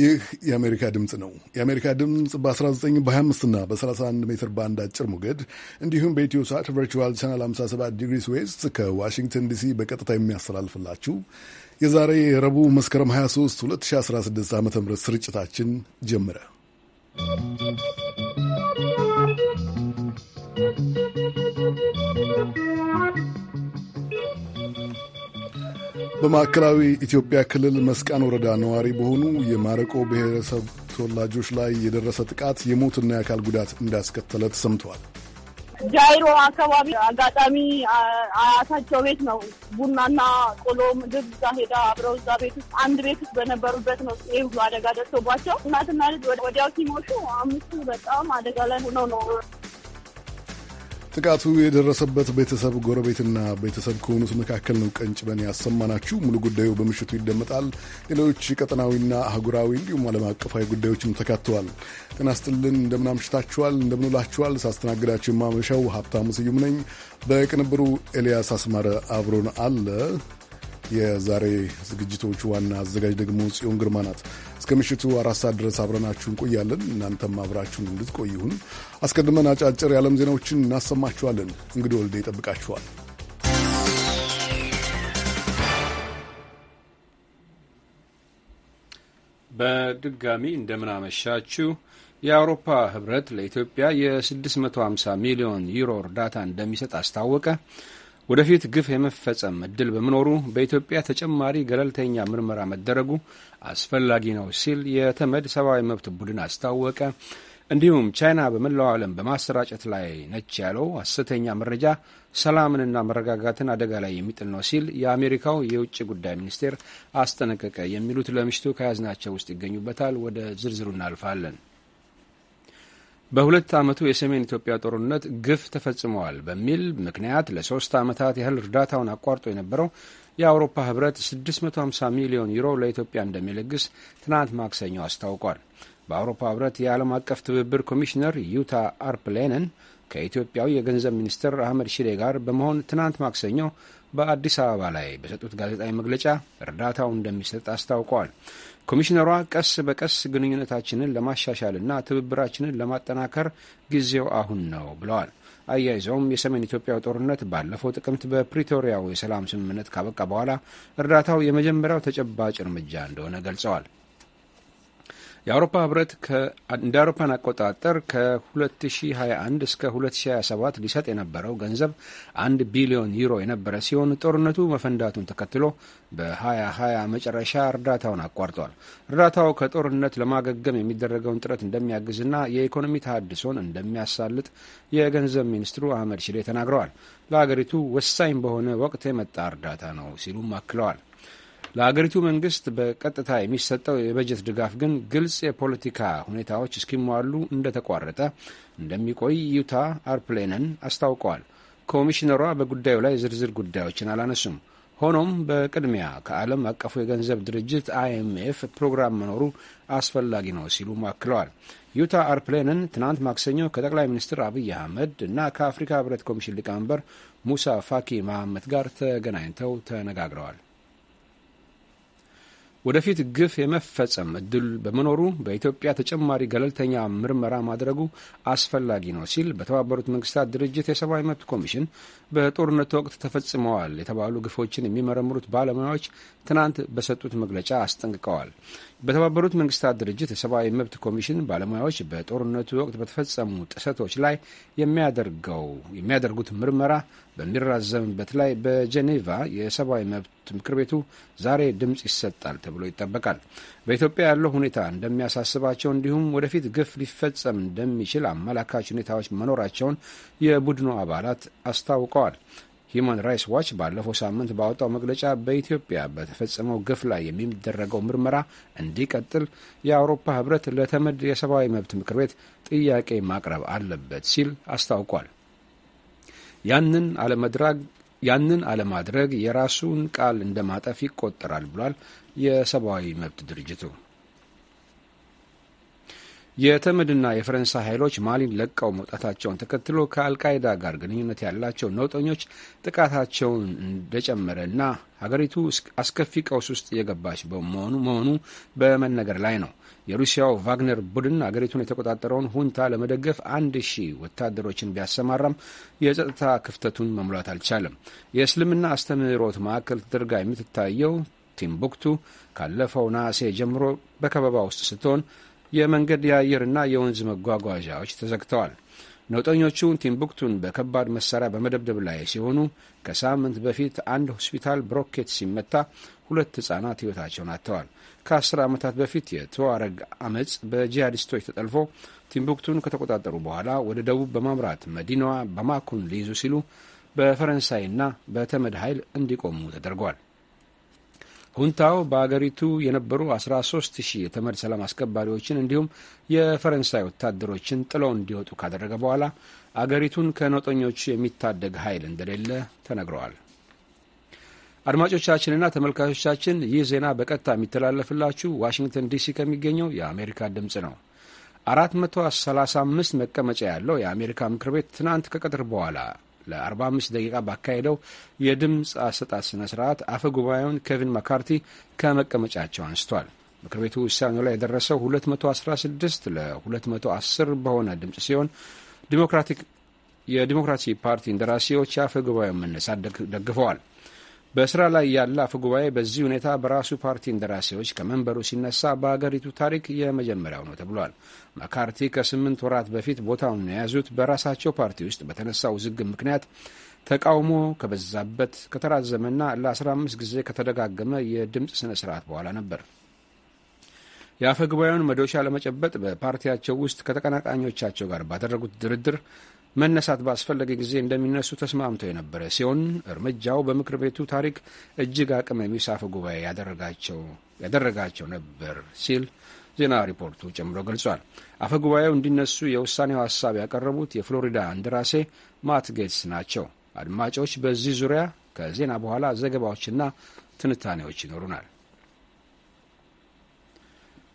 ይህ የአሜሪካ ድምፅ ነው። የአሜሪካ ድምፅ በ19 በ25ና በ31 ሜትር ባንድ አጭር ሞገድ እንዲሁም በኢትዮ ሳት ቨርቹዋል ቻናል 57 ዲግሪስ ዌስት ከዋሽንግተን ዲሲ በቀጥታ የሚያስተላልፍላችሁ የዛሬ የረቡዕ መስከረም 23 2016 ዓ ም ስርጭታችን ጀመረ። በማዕከላዊ ኢትዮጵያ ክልል መስቃን ወረዳ ነዋሪ በሆኑ የማረቆ ብሔረሰብ ተወላጆች ላይ የደረሰ ጥቃት የሞትና የአካል ጉዳት እንዳስከተለ ተሰምተዋል። ጃይሮ አካባቢ አጋጣሚ አያታቸው ቤት ነው። ቡናና ቆሎ ምግብ እዛ ሄዳ አብረው እዛ ቤት ውስጥ አንድ ቤት ውስጥ በነበሩበት ነው ይህ ሁሉ አደጋ ደርሶባቸው እናትና ልጅ ወዲያው ሲሞቱ አምስቱ በጣም አደጋ ላይ ሆነው ነው ጥቃቱ የደረሰበት ቤተሰብ ጎረቤትና ቤተሰብ ከሆኑት መካከል ነው ቀንጭበን ያሰማናችሁ። ሙሉ ጉዳዩ በምሽቱ ይደመጣል። ሌሎች ቀጠናዊና አህጉራዊ እንዲሁም ዓለም አቀፋዊ ጉዳዮችም ተካተዋል። ጤና ይስጥልን፣ እንደምናምሽታችኋል፣ እንደምንውላችኋል። ሳስተናግዳችሁ የማመሻው ሀብታሙ ስዩም ነኝ። በቅንብሩ ኤልያስ አስማረ አብሮን አለ። የዛሬ ዝግጅቶች ዋና አዘጋጅ ደግሞ ጽዮን ግርማ ናት። እስከ ምሽቱ አራት ሰዓት ድረስ አብረናችሁ እንቆያለን። እናንተም አብራችሁን እንድትቆይሁን አስቀድመን አጫጭር የዓለም ዜናዎችን እናሰማችኋለን። እንግዲህ ወልደ ይጠብቃችኋል። በድጋሚ እንደምናመሻችሁ። የአውሮፓ ህብረት ለኢትዮጵያ የ650 ሚሊዮን ዩሮ እርዳታ እንደሚሰጥ አስታወቀ። ወደፊት ግፍ የመፈጸም እድል በመኖሩ በኢትዮጵያ ተጨማሪ ገለልተኛ ምርመራ መደረጉ አስፈላጊ ነው ሲል የተመድ ሰብአዊ መብት ቡድን አስታወቀ። እንዲሁም ቻይና በመላው ዓለም በማሰራጨት ላይ ነች ያለው ሐሰተኛ መረጃ ሰላምንና መረጋጋትን አደጋ ላይ የሚጥል ነው ሲል የአሜሪካው የውጭ ጉዳይ ሚኒስቴር አስጠነቀቀ። የሚሉት ለምሽቱ ከያዝናቸው ውስጥ ይገኙበታል። ወደ ዝርዝሩ እናልፋለን። በሁለት ዓመቱ የሰሜን ኢትዮጵያ ጦርነት ግፍ ተፈጽመዋል በሚል ምክንያት ለሶስት ዓመታት ያህል እርዳታውን አቋርጦ የነበረው የአውሮፓ ህብረት 650 ሚሊዮን ዩሮ ለኢትዮጵያ እንደሚለግስ ትናንት ማክሰኞ አስታውቋል። በአውሮፓ ህብረት የዓለም አቀፍ ትብብር ኮሚሽነር ዩታ አርፕሌንን ከኢትዮጵያው የገንዘብ ሚኒስትር አህመድ ሺዴ ጋር በመሆን ትናንት ማክሰኞ በአዲስ አበባ ላይ በሰጡት ጋዜጣዊ መግለጫ እርዳታው እንደሚሰጥ አስታውቀዋል። ኮሚሽነሯ ቀስ በቀስ ግንኙነታችንን ለማሻሻልና ትብብራችንን ለማጠናከር ጊዜው አሁን ነው ብለዋል። አያይዘውም የሰሜን ኢትዮጵያው ጦርነት ባለፈው ጥቅምት በፕሪቶሪያው የሰላም ስምምነት ካበቃ በኋላ እርዳታው የመጀመሪያው ተጨባጭ እርምጃ እንደሆነ ገልጸዋል። የአውሮፓ ህብረት እንደ አውሮፓን አቆጣጠር ከ2021 እስከ 2027 ሊሰጥ የነበረው ገንዘብ 1 ቢሊዮን ዩሮ የነበረ ሲሆን ጦርነቱ መፈንዳቱን ተከትሎ በ2020 መጨረሻ እርዳታውን አቋርጧል። እርዳታው ከጦርነት ለማገገም የሚደረገውን ጥረት እንደሚያግዝና የኢኮኖሚ ተሃድሶን እንደሚያሳልጥ የገንዘብ ሚኒስትሩ አህመድ ሽዴ ተናግረዋል። ለሀገሪቱ ወሳኝ በሆነ ወቅት የመጣ እርዳታ ነው ሲሉም አክለዋል። ለአገሪቱ መንግስት በቀጥታ የሚሰጠው የበጀት ድጋፍ ግን ግልጽ የፖለቲካ ሁኔታዎች እስኪሟሉ እንደተቋረጠ እንደሚቆይ ዩታ አርፕሌነን አስታውቀዋል። ኮሚሽነሯ በጉዳዩ ላይ ዝርዝር ጉዳዮችን አላነሱም። ሆኖም በቅድሚያ ከዓለም አቀፉ የገንዘብ ድርጅት አይኤምኤፍ ፕሮግራም መኖሩ አስፈላጊ ነው ሲሉ አክለዋል። ዩታ አርፕሌንን ትናንት ማክሰኞ ከጠቅላይ ሚኒስትር አብይ አህመድ እና ከአፍሪካ ህብረት ኮሚሽን ሊቀመንበር ሙሳ ፋኪ መሐመድ ጋር ተገናኝተው ተነጋግረዋል። ወደፊት ግፍ የመፈጸም እድል በመኖሩ በኢትዮጵያ ተጨማሪ ገለልተኛ ምርመራ ማድረጉ አስፈላጊ ነው ሲል በተባበሩት መንግስታት ድርጅት የሰብአዊ መብት ኮሚሽን በጦርነቱ ወቅት ተፈጽመዋል የተባሉ ግፎችን የሚመረምሩት ባለሙያዎች ትናንት በሰጡት መግለጫ አስጠንቅቀዋል። በተባበሩት መንግስታት ድርጅት የሰብአዊ መብት ኮሚሽን ባለሙያዎች በጦርነቱ ወቅት በተፈጸሙ ጥሰቶች ላይ የሚያደርገው የሚያደርጉት ምርመራ በሚራዘምበት ላይ በጄኔቫ የሰብአዊ መብት ምክር ቤቱ ዛሬ ድምፅ ይሰጣል ተብሎ ይጠበቃል። በኢትዮጵያ ያለው ሁኔታ እንደሚያሳስባቸው እንዲሁም ወደፊት ግፍ ሊፈጸም እንደሚችል አመላካች ሁኔታዎች መኖራቸውን የቡድኑ አባላት አስታውቀዋል። ሂዩማን ራይትስ ዋች ባለፈው ሳምንት ባወጣው መግለጫ በኢትዮጵያ በተፈጸመው ግፍ ላይ የሚደረገው ምርመራ እንዲቀጥል የአውሮፓ ሕብረት ለተመድ የሰብአዊ መብት ምክር ቤት ጥያቄ ማቅረብ አለበት ሲል አስታውቋል። ያንን አለመድራግ ያንን አለማድረግ የራሱን ቃል እንደ ማጠፍ ይቆጠራል ብሏል የሰብአዊ መብት ድርጅቱ። የተመድና የፈረንሳይ ኃይሎች ማሊን ለቀው መውጣታቸውን ተከትሎ ከአልቃይዳ ጋር ግንኙነት ያላቸው ነውጠኞች ጥቃታቸውን እንደጨመረና ሀገሪቱ አስከፊ ቀውስ ውስጥ የገባች መሆኑ በመነገር ላይ ነው። የሩሲያው ቫግነር ቡድን አገሪቱን የተቆጣጠረውን ሁንታ ለመደገፍ አንድ ሺህ ወታደሮችን ቢያሰማራም የጸጥታ ክፍተቱን መሙላት አልቻለም። የእስልምና አስተምህሮት ማዕከል ተደርጋ የምትታየው ቲምቡክቱ ካለፈው ነሐሴ ጀምሮ በከበባ ውስጥ ስትሆን የመንገድ የአየርና የወንዝ መጓጓዣዎች ተዘግተዋል። ነውጠኞቹ ቲምቡክቱን በከባድ መሳሪያ በመደብደብ ላይ ሲሆኑ ከሳምንት በፊት አንድ ሆስፒታል ብሮኬት ሲመታ ሁለት ህጻናት ሕይወታቸውን አጥተዋል። ከአስር ዓመታት በፊት የተዋረግ አመፅ በጂሃዲስቶች ተጠልፎ ቲምቡክቱን ከተቆጣጠሩ በኋላ ወደ ደቡብ በማምራት መዲናዋ ባማኮን ሊይዙ ሲሉ በፈረንሳይና በተመድ ኃይል እንዲቆሙ ተደርጓል። ሁንታው በአገሪቱ የነበሩ 13 ሺህ የተመድ ሰላም አስከባሪዎችን እንዲሁም የፈረንሳይ ወታደሮችን ጥለው እንዲወጡ ካደረገ በኋላ አገሪቱን ከነውጠኞቹ የሚታደግ ኃይል እንደሌለ ተነግረዋል። አድማጮቻችንና ተመልካቾቻችን ይህ ዜና በቀጥታ የሚተላለፍላችሁ ዋሽንግተን ዲሲ ከሚገኘው የአሜሪካ ድምፅ ነው። 435 መቀመጫ ያለው የአሜሪካ ምክር ቤት ትናንት ከቀትር በኋላ ለ45 ደቂቃ ባካሄደው የድምፅ አሰጣት ስነ ስርዓት አፈ ጉባኤውን ኬቪን መካርቲ ከመቀመጫቸው አንስቷል። ምክር ቤቱ ውሳኔው ላይ የደረሰው 216 ለ210 በሆነ ድምፅ ሲሆን ዲሞክራቲክ የዲሞክራሲ ፓርቲ እንደራሴዎች የአፈ ጉባኤውን መነሳት ደግፈዋል። በስራ ላይ ያለ አፈ ጉባኤ በዚህ ሁኔታ በራሱ ፓርቲ እንደራሴዎች ከመንበሩ ሲነሳ በአገሪቱ ታሪክ የመጀመሪያው ነው ተብሏል። መካርቲ ከስምንት ወራት በፊት ቦታውን የያዙት በራሳቸው ፓርቲ ውስጥ በተነሳ ውዝግብ ምክንያት ተቃውሞ ከበዛበት ከተራዘመና ለ15 ጊዜ ከተደጋገመ የድምፅ ስነ ስርዓት በኋላ ነበር። የአፈ ጉባኤውን መዶሻ ለመጨበጥ በፓርቲያቸው ውስጥ ከተቀናቃኞቻቸው ጋር ባደረጉት ድርድር መነሳት ባስፈለገ ጊዜ እንደሚነሱ ተስማምተው የነበረ ሲሆን እርምጃው በምክር ቤቱ ታሪክ እጅግ አቅም የሚስ አፈ ጉባኤ ያደረጋቸው ነበር ሲል ዜና ሪፖርቱ ጨምሮ ገልጿል። አፈ ጉባኤው እንዲነሱ የውሳኔው ሀሳብ ያቀረቡት የፍሎሪዳ እንደራሴ ማት ጌትስ ናቸው። አድማጮች፣ በዚህ ዙሪያ ከዜና በኋላ ዘገባዎችና ትንታኔዎች ይኖሩናል።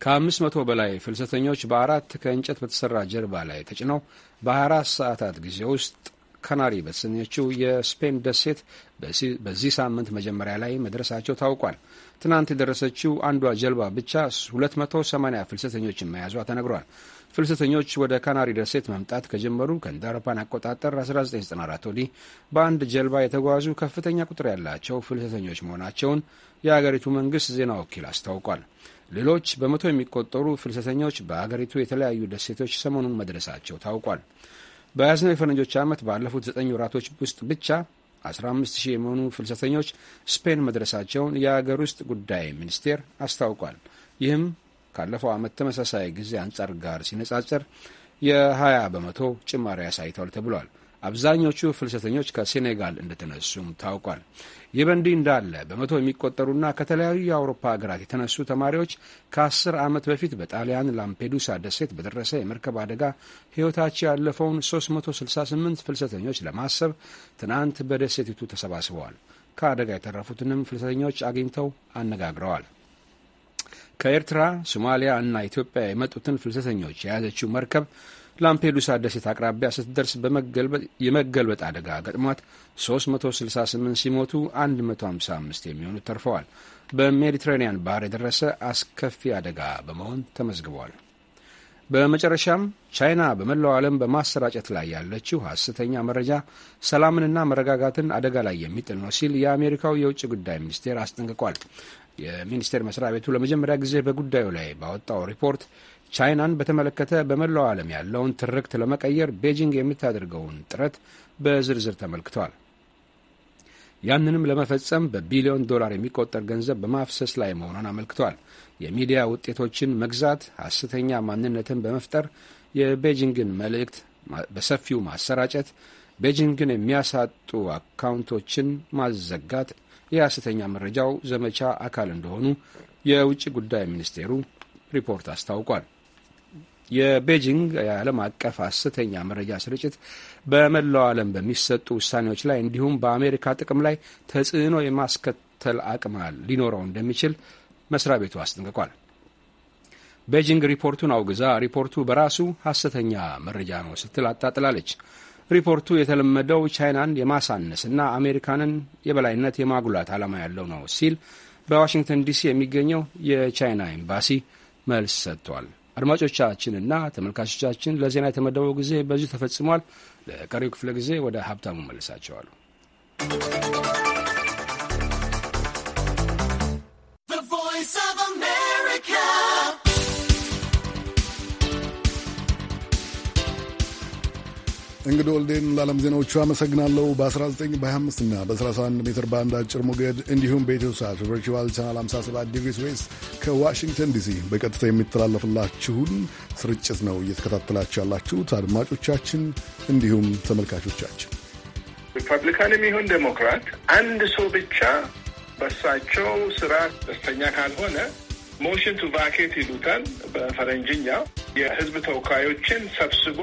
ከአምስት መቶ በላይ ፍልሰተኞች በአራት ከእንጨት በተሠራ ጀልባ ላይ ተጭነው በ24 ሰዓታት ጊዜ ውስጥ ካናሪ በተሰኘችው የስፔን ደሴት በዚህ ሳምንት መጀመሪያ ላይ መድረሳቸው ታውቋል። ትናንት የደረሰችው አንዷ ጀልባ ብቻ 280 ፍልሰተኞችን መያዟ ተነግሯል። ፍልሰተኞች ወደ ካናሪ ደሴት መምጣት ከጀመሩ ከእንደ አውሮፓን አቆጣጠር 1994 ወዲህ በአንድ ጀልባ የተጓዙ ከፍተኛ ቁጥር ያላቸው ፍልሰተኞች መሆናቸውን የአገሪቱ መንግሥት ዜና ወኪል አስታውቋል። ሌሎች በመቶ የሚቆጠሩ ፍልሰተኞች በአገሪቱ የተለያዩ ደሴቶች ሰሞኑን መድረሳቸው ታውቋል። በያዝነው የፈረንጆች ዓመት ባለፉት ዘጠኝ ወራቶች ውስጥ ብቻ 15 ሺህ የሚሆኑ ፍልሰተኞች ስፔን መድረሳቸውን የአገር ውስጥ ጉዳይ ሚኒስቴር አስታውቋል። ይህም ካለፈው ዓመት ተመሳሳይ ጊዜ አንጻር ጋር ሲነጻጸር የ20 በመቶ ጭማሪ አሳይቷል ተብሏል። አብዛኞቹ ፍልሰተኞች ከሴኔጋል እንደተነሱም ታውቋል። ይህ በእንዲህ እንዳለ በመቶ የሚቆጠሩና ከተለያዩ የአውሮፓ ሀገራት የተነሱ ተማሪዎች ከአስር ዓመት በፊት በጣሊያን ላምፔዱሳ ደሴት በደረሰ የመርከብ አደጋ ሕይወታቸው ያለፈውን 368 ፍልሰተኞች ለማሰብ ትናንት በደሴቲቱ ተሰባስበዋል። ከአደጋ የተረፉትንም ፍልሰተኞች አግኝተው አነጋግረዋል። ከኤርትራ፣ ሶማሊያ እና ኢትዮጵያ የመጡትን ፍልሰተኞች የያዘችው መርከብ ላምፔዱሳ ደሴት አቅራቢያ ስትደርስ የመገልበጥ አደጋ ገጥሟት 368 ሲሞቱ 155 የሚሆኑት ተርፈዋል። በሜዲትራኒያን ባህር የደረሰ አስከፊ አደጋ በመሆን ተመዝግቧል። በመጨረሻም ቻይና በመላው ዓለም በማሰራጨት ላይ ያለችው ሐሰተኛ መረጃ ሰላምንና መረጋጋትን አደጋ ላይ የሚጥል ነው ሲል የአሜሪካው የውጭ ጉዳይ ሚኒስቴር አስጠንቅቋል። የሚኒስቴር መስሪያ ቤቱ ለመጀመሪያ ጊዜ በጉዳዩ ላይ ባወጣው ሪፖርት ቻይናን በተመለከተ በመላው ዓለም ያለውን ትርክት ለመቀየር ቤጂንግ የምታደርገውን ጥረት በዝርዝር ተመልክቷል። ያንንም ለመፈጸም በቢሊዮን ዶላር የሚቆጠር ገንዘብ በማፍሰስ ላይ መሆኗን አመልክቷል። የሚዲያ ውጤቶችን መግዛት ሐሰተኛ ማንነትን በመፍጠር የቤጂንግን መልእክት በሰፊው ማሰራጨት፣ ቤጂንግን የሚያሳጡ አካውንቶችን ማዘጋት የሐሰተኛ መረጃው ዘመቻ አካል እንደሆኑ የውጭ ጉዳይ ሚኒስቴሩ ሪፖርት አስታውቋል። የቤጂንግ የዓለም አቀፍ ሐሰተኛ መረጃ ስርጭት በመላው ዓለም በሚሰጡ ውሳኔዎች ላይ እንዲሁም በአሜሪካ ጥቅም ላይ ተጽዕኖ የማስከተል አቅም ሊኖረው እንደሚችል መስሪያ ቤቱ አስጠንቅቋል። ቤጂንግ ሪፖርቱን አውግዛ ሪፖርቱ በራሱ ሐሰተኛ መረጃ ነው ስትል አጣጥላለች። ሪፖርቱ የተለመደው ቻይናን የማሳነስ እና አሜሪካንን የበላይነት የማጉላት ዓላማ ያለው ነው ሲል በዋሽንግተን ዲሲ የሚገኘው የቻይና ኤምባሲ መልስ ሰጥቷል። አድማጮቻችንና ተመልካቾቻችን ለዜና የተመደበው ጊዜ በዚሁ ተፈጽሟል። ለቀሪው ክፍለ ጊዜ ወደ ሀብታሙ መልሳቸዋሉ። እንግዲህ ወልዴን ለዓለም ዜናዎቹ አመሰግናለሁ። በ19 በ25 እና በ31 ሜትር ባንድ አጭር ሞገድ እንዲሁም በኢትዮ ሰዓት ቨርቹዋል ቻናል 57 ዲግሪስ ዌስት ከዋሽንግተን ዲሲ በቀጥታ የሚተላለፍላችሁን ስርጭት ነው እየተከታተላችሁ ያላችሁት አድማጮቻችን፣ እንዲሁም ተመልካቾቻችን። ሪፐብሊካንም ይሁን ዴሞክራት አንድ ሰው ብቻ በሳቸው ስራ ደስተኛ ካልሆነ ሞሽን ቱ ቫኬት ይሉታል በፈረንጅኛ። የህዝብ ተወካዮችን ሰብስቦ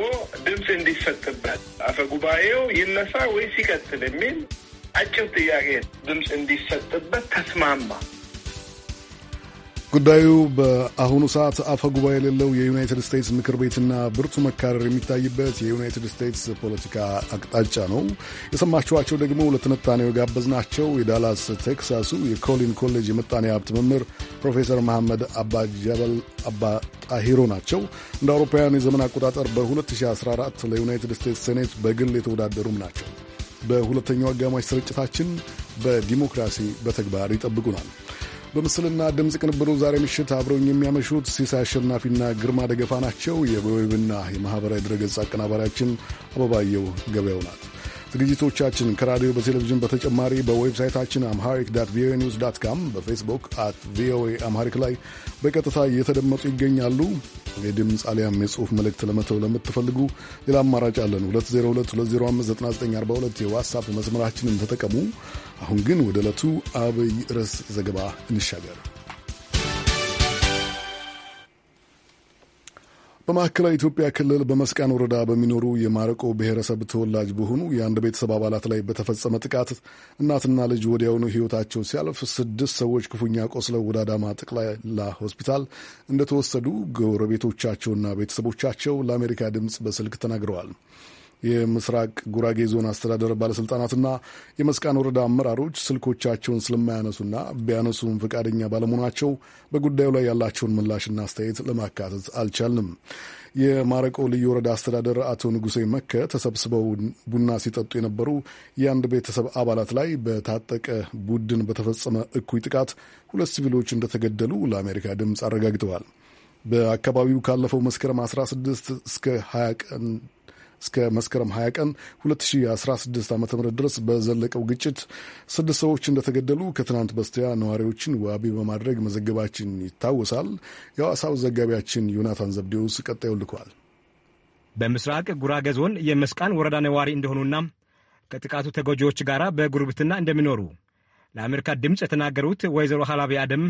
ድምፅ እንዲሰጥበት አፈ ጉባኤው ይነሳ ወይስ ይቀጥል የሚል አጭር ጥያቄ ድምፅ እንዲሰጥበት ተስማማ። ጉዳዩ በአሁኑ ሰዓት አፈ ጉባኤ የሌለው የዩናይትድ ስቴትስ ምክር ቤትና ብርቱ መካረር የሚታይበት የዩናይትድ ስቴትስ ፖለቲካ አቅጣጫ ነው። የሰማችኋቸው ደግሞ ለትንታኔው የጋበዝናቸው የዳላስ ቴክሳሱ የኮሊን ኮሌጅ የመጣኔ ሀብት መምህር ፕሮፌሰር መሐመድ አባ አባጣሂሮ ናቸው። እንደ አውሮፓውያኑ የዘመን አቆጣጠር በ2014 ለዩናይትድ ስቴትስ ሴኔት በግል የተወዳደሩም ናቸው። በሁለተኛው አጋማሽ ስርጭታችን በዲሞክራሲ በተግባር ይጠብቁናል። በምስልና ድምፅ ቅንብሩ ዛሬ ምሽት አብረውኝ የሚያመሹት ሲሳይ አሸናፊና ግርማ ደገፋ ናቸው። የዌብና የማኅበራዊ ድረገጽ አቀናባሪያችን አበባየው ገበያው ናት። ዝግጅቶቻችን ከራዲዮ በቴሌቪዥን በተጨማሪ በዌብሳይታችን አምሃሪክ ዳት ቪኦኤ ኒውስ ዳት ካም፣ በፌስቡክ አት ቪኦኤ አምሃሪክ ላይ በቀጥታ እየተደመጡ ይገኛሉ። የድምፅ አሊያም የጽሑፍ መልእክት ለመተው ለምትፈልጉ ሌላ አማራጭ አለን። 2022059942 የዋትሳፕ መስመራችንን ተጠቀሙ። አሁን ግን ወደ ዕለቱ አብይ ርዕስ ዘገባ እንሻገር። በማዕከላዊ ኢትዮጵያ ክልል በመስቃን ወረዳ በሚኖሩ የማረቆ ብሔረሰብ ተወላጅ በሆኑ የአንድ ቤተሰብ አባላት ላይ በተፈጸመ ጥቃት እናትና ልጅ ወዲያውኑ ሕይወታቸው ሲያልፍ ስድስት ሰዎች ክፉኛ ቆስለው ወደ አዳማ ጠቅላላ ሆስፒታል እንደተወሰዱ ጎረቤቶቻቸውና ቤተሰቦቻቸው ለአሜሪካ ድምፅ በስልክ ተናግረዋል። የምስራቅ ጉራጌ ዞን አስተዳደር ባለስልጣናትና የመስቃን ወረዳ አመራሮች ስልኮቻቸውን ስለማያነሱና ቢያነሱም ፈቃደኛ ባለመሆናቸው በጉዳዩ ላይ ያላቸውን ምላሽና አስተያየት ለማካተት አልቻልንም። የማረቆ ልዩ ወረዳ አስተዳደር አቶ ንጉሴ መከ ተሰብስበው ቡና ሲጠጡ የነበሩ የአንድ ቤተሰብ አባላት ላይ በታጠቀ ቡድን በተፈጸመ እኩይ ጥቃት ሁለት ሲቪሎች እንደተገደሉ ለአሜሪካ ድምፅ አረጋግጠዋል። በአካባቢው ካለፈው መስከረም 16 እስከ 20 ቀን እስከ መስከረም 20 ቀን 2016 ዓ ም ድረስ በዘለቀው ግጭት ስድስት ሰዎች እንደተገደሉ ከትናንት በስቲያ ነዋሪዎችን ዋቢ በማድረግ መዘገባችን ይታወሳል። የሐዋሳው ዘጋቢያችን ዮናታን ዘብዴውስ ቀጣዩ ልኳል። በምስራቅ ጉራጌ ዞን የመስቃን ወረዳ ነዋሪ እንደሆኑና ከጥቃቱ ተጎጂዎች ጋር በጉርብትና እንደሚኖሩ ለአሜሪካ ድምፅ የተናገሩት ወይዘሮ ሀላቢ አደም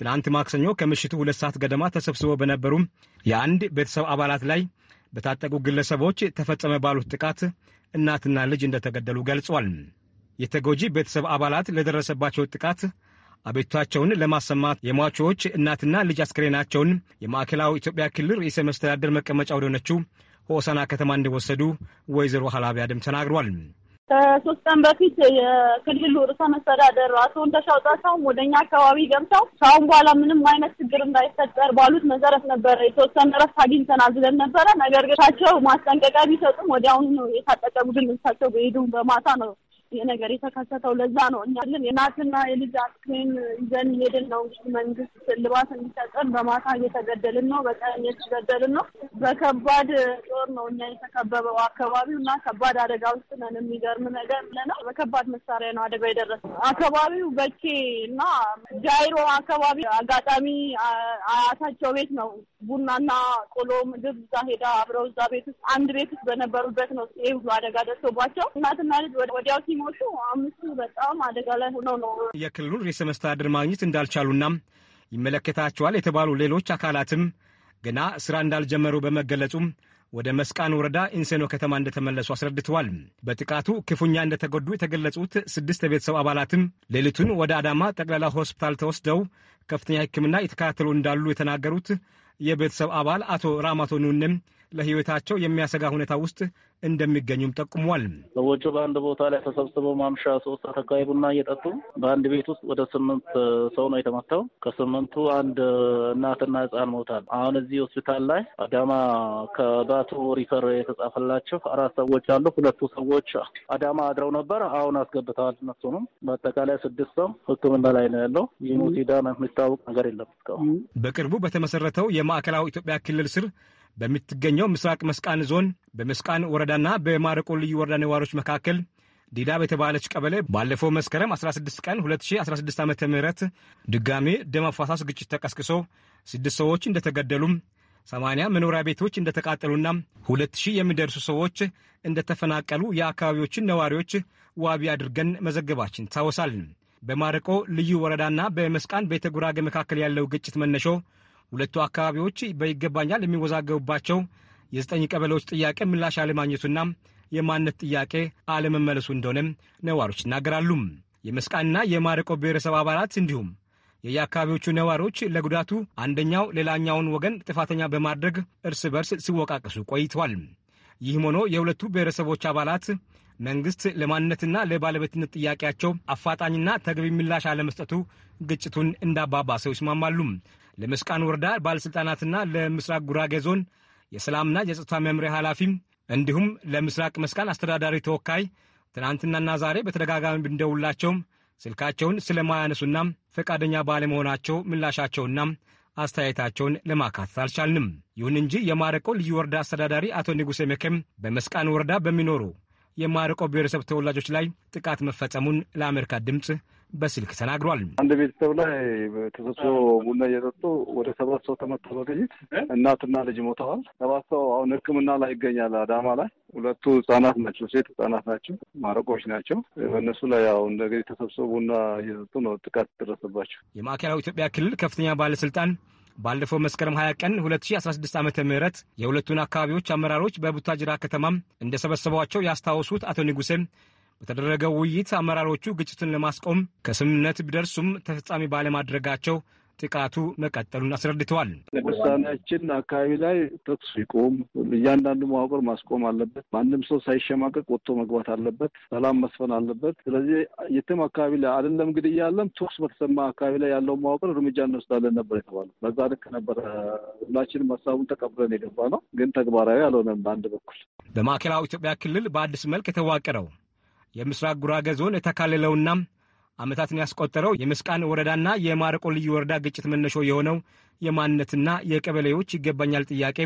ትናንት ማክሰኞ ከምሽቱ ሁለት ሰዓት ገደማ ተሰብስበው በነበሩ የአንድ ቤተሰብ አባላት ላይ በታጠቁ ግለሰቦች ተፈጸመ ባሉት ጥቃት እናትና ልጅ እንደተገደሉ ገልጿል። የተጎጂ ቤተሰብ አባላት ለደረሰባቸው ጥቃት አቤቱታቸውን ለማሰማት የሟቾች እናትና ልጅ አስክሬናቸውን የማዕከላዊ ኢትዮጵያ ክልል ርዕሰ መስተዳደር መቀመጫ ወደሆነችው ሆሳና ከተማ እንደወሰዱ ወይዘሮ ሀላቢ አደም ተናግሯል። ከሶስት ቀን በፊት የክልሉ ርዕሰ መስተዳደር አቶ ወንደሻው ጣሰውም ወደ እኛ አካባቢ ገብተው ከአሁን በኋላ ምንም አይነት ችግር እንዳይፈጠር ባሉት መሰረት ነበረ የተወሰነ እረፍት አግኝተናል ብለን ነበረ። ነገር ግን እሳቸው ማስጠንቀቂያ ቢሰጡም ወዲያውኑ ነው የታጠቀ ቡድን እሳቸው በሄዱ በማታ ነው ነገር የተከሰተው ለዛ ነው። እኛ ግን የናትና የልጅ አስክሬን ይዘን ሄድን ነው እንግዲህ መንግስት እልባት እንዲሰጠን በማታ እየተገደልን ነው፣ በቀን እየተገደልን ነው። በከባድ ጦር ነው እኛ የተከበበው አካባቢው እና ከባድ አደጋ ውስጥ ነን። የሚገርም ነገር ብለናል። በከባድ መሳሪያ ነው አደጋ የደረሰ አካባቢው በቼ እና ጃይሮ አካባቢ አጋጣሚ አያታቸው ቤት ነው ቡናና ቆሎ ምግብ እዛ ሄዳ አብረው እዛ ቤት ውስጥ አንድ ቤት ውስጥ በነበሩበት ነው ይሄ ሁሉ አደጋ ደርሶባቸው እናትና ልጅ ወዲያው ሲሞቱ፣ አምስቱ በጣም አደጋ ላይ ሆነው ነው የክልሉን ርዕሰ መስተዳድር ማግኘት እንዳልቻሉና ይመለከታቸዋል የተባሉ ሌሎች አካላትም ገና ስራ እንዳልጀመሩ በመገለጹም ወደ መስቃን ወረዳ ኢንሴኖ ከተማ እንደተመለሱ አስረድተዋል። በጥቃቱ ክፉኛ እንደተጎዱ የተገለጹት ስድስት የቤተሰብ አባላትም ሌሊቱን ወደ አዳማ ጠቅላላ ሆስፒታል ተወስደው ከፍተኛ ሕክምና የተከታተሉ እንዳሉ የተናገሩት የቤተሰብ አባል አቶ ራማቶ ኑንም ለሕይወታቸው የሚያሰጋ ሁኔታ ውስጥ እንደሚገኙም ጠቁሟል። ሰዎቹ በአንድ ቦታ ላይ ተሰብስበው ማምሻ ሶስት አካባቢ ቡና እየጠጡ በአንድ ቤት ውስጥ ወደ ስምንት ሰው ነው የተመታው። ከስምንቱ አንድ እናትና ህፃን ሞታል። አሁን እዚህ ሆስፒታል ላይ አዳማ ከባቱ ሪፈር የተጻፈላቸው አራት ሰዎች አሉ። ሁለቱ ሰዎች አዳማ አድረው ነበር። አሁን አስገብተዋል። እነሱንም በአጠቃላይ ስድስት ሰው ሕክምና ላይ ነው ያለው። የሞት ሂዳን የሚታወቅ ነገር የለም እስካሁን በቅርቡ በተመሰረተው የማዕከላዊ ኢትዮጵያ ክልል ስር በምትገኘው ምስራቅ መስቃን ዞን በመስቃን ወረዳና በማረቆ ልዩ ወረዳ ነዋሪዎች መካከል ዲዳ በተባለች ቀበሌ ባለፈው መስከረም 16 ቀን 2016 ዓ ም ድጋሜ ደም አፋሳሽ ግጭት ተቀስቅሶ ስድስት ሰዎች እንደተገደሉም 80 መኖሪያ ቤቶች እንደተቃጠሉና 2000 የሚደርሱ ሰዎች እንደተፈናቀሉ የአካባቢዎችን ነዋሪዎች ዋቢ አድርገን መዘገባችን ይታወሳል። በማረቆ ልዩ ወረዳና በመስቃን ቤተ ጉራጌ መካከል ያለው ግጭት መነሾ ሁለቱ አካባቢዎች በይገባኛል የሚወዛገቡባቸው የዘጠኝ ቀበሌዎች ጥያቄ ምላሽ አለማግኘቱና የማንነት ጥያቄ አለመመለሱ እንደሆነም ነዋሪዎች ይናገራሉ። የመስቃንና የማረቆ ብሔረሰብ አባላት እንዲሁም የየአካባቢዎቹ ነዋሪዎች ለጉዳቱ አንደኛው ሌላኛውን ወገን ጥፋተኛ በማድረግ እርስ በርስ ሲወቃቀሱ ቆይተዋል። ይህም ሆኖ የሁለቱ ብሔረሰቦች አባላት መንግሥት ለማንነትና ለባለቤትነት ጥያቄያቸው አፋጣኝና ተገቢ ምላሽ አለመስጠቱ ግጭቱን እንዳባባሰው ይስማማሉ። ለመስቃን ወረዳ ባለሥልጣናትና ለምስራቅ ጉራጌ ዞን የሰላምና የጸጥታ መምሪያ ኃላፊም እንዲሁም ለምስራቅ መስቃን አስተዳዳሪ ተወካይ ትናንትናና ዛሬ በተደጋጋሚ ብንደውላቸውም ስልካቸውን ስለማያነሱና ፈቃደኛ ባለመሆናቸው ምላሻቸውና አስተያየታቸውን ለማካተት አልቻልንም። ይሁን እንጂ የማረቆ ልዩ ወረዳ አስተዳዳሪ አቶ ንጉሴ መከም በመስቃን ወረዳ በሚኖሩ የማረቆ ብሔረሰብ ተወላጆች ላይ ጥቃት መፈጸሙን ለአሜሪካ ድምፅ በስልክ ተናግሯል። አንድ ቤተሰብ ላይ ተሰብስቦ ቡና እየጠጡ ወደ ሰባት ሰው ተመታ በጥይት እናትና ልጅ ሞተዋል። ሰባት ሰው አሁን ሕክምና ላይ ይገኛል አዳማ ላይ። ሁለቱ ህጻናት ናቸው፣ ሴት ህጻናት ናቸው፣ ማረቆች ናቸው። በእነሱ ላይ ያው እንደገ ተሰብስቦ ቡና እየጠጡ ነው ጥቃት ደረሰባቸው። የማዕከላዊ ኢትዮጵያ ክልል ከፍተኛ ባለስልጣን ባለፈው መስከረም 20 ቀን 2016 ዓ ም የሁለቱን አካባቢዎች አመራሮች በቡታጅራ ከተማም እንደሰበሰቧቸው ያስታወሱት አቶ ንጉሴ በተደረገው ውይይት አመራሮቹ ግጭቱን ለማስቆም ከስምምነት ቢደርሱም ተፈጻሚ ባለማድረጋቸው ጥቃቱ መቀጠሉን አስረድተዋል። ውሳኔያችን አካባቢ ላይ ተኩስ ይቁም፣ እያንዳንዱ መዋቅር ማስቆም አለበት፣ ማንም ሰው ሳይሸማቀቅ ወጥቶ መግባት አለበት፣ ሰላም መስፈን አለበት። ስለዚህ የትም አካባቢ ላይ አይደለም እንግዲህ እያለም ተኩስ በተሰማ አካባቢ ላይ ያለው መዋቅር እርምጃ እንወስዳለን ነበር የተባለ። በዛ ልክ ነበረ። ሁላችንም ሀሳቡን ተቀብለን የገባ ነው፣ ግን ተግባራዊ አልሆነም። በአንድ በኩል በማዕከላዊ ኢትዮጵያ ክልል በአዲስ መልክ የተዋቀረው የምስራቅ ጉራጌ ዞን የተካለለውና ዓመታትን ያስቆጠረው የመስቃን ወረዳና የማረቆ ልዩ ወረዳ ግጭት መነሾ የሆነው የማንነትና የቀበሌዎች ይገባኛል ጥያቄ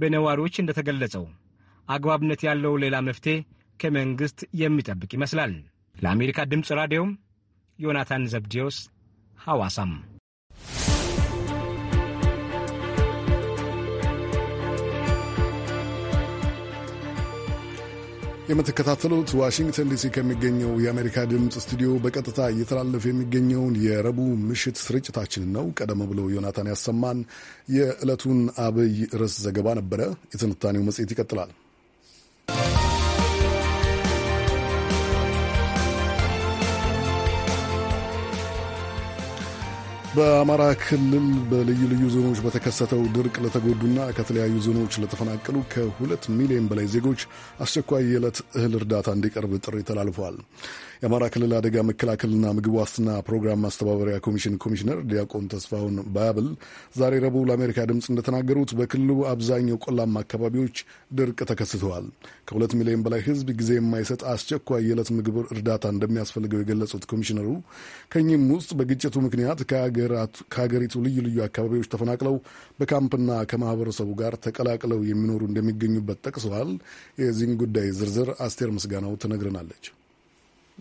በነዋሪዎች እንደተገለጸው አግባብነት ያለው ሌላ መፍትሄ ከመንግሥት የሚጠብቅ ይመስላል። ለአሜሪካ ድምፅ ራዲዮ ዮናታን ዘብዲዮስ ሐዋሳም የምትከታተሉት ዋሽንግተን ዲሲ ከሚገኘው የአሜሪካ ድምፅ ስቱዲዮ በቀጥታ እየተላለፈ የሚገኘውን የረቡዕ ምሽት ስርጭታችን ነው። ቀደም ብሎ ዮናታን ያሰማን የዕለቱን አብይ ርዕስ ዘገባ ነበረ። የትንታኔው መጽሔት ይቀጥላል። በአማራ ክልል በልዩ ልዩ ዞኖች በተከሰተው ድርቅ ለተጎዱና ከተለያዩ ዞኖች ለተፈናቀሉ ከሁለት ሚሊዮን በላይ ዜጎች አስቸኳይ የዕለት እህል እርዳታ እንዲቀርብ ጥሪ ተላልፏል። የአማራ ክልል አደጋ መከላከልና ምግብ ዋስትና ፕሮግራም ማስተባበሪያ ኮሚሽን ኮሚሽነር ዲያቆን ተስፋሁን ባያብል ዛሬ ረቡዕ ለአሜሪካ ድምፅ እንደተናገሩት በክልሉ አብዛኛው ቆላማ አካባቢዎች ድርቅ ተከስተዋል። ከሁለት ሚሊዮን በላይ ሕዝብ ጊዜ የማይሰጥ አስቸኳይ የዕለት ምግብ እርዳታ እንደሚያስፈልገው የገለጹት ኮሚሽነሩ ከኚህም ውስጥ በግጭቱ ምክንያት ከአገ ከሀገሪቱ ልዩ ልዩ አካባቢዎች ተፈናቅለው በካምፕና ከማህበረሰቡ ጋር ተቀላቅለው የሚኖሩ እንደሚገኙበት ጠቅሰዋል። የዚህን ጉዳይ ዝርዝር አስቴር ምስጋናው ትነግረናለች።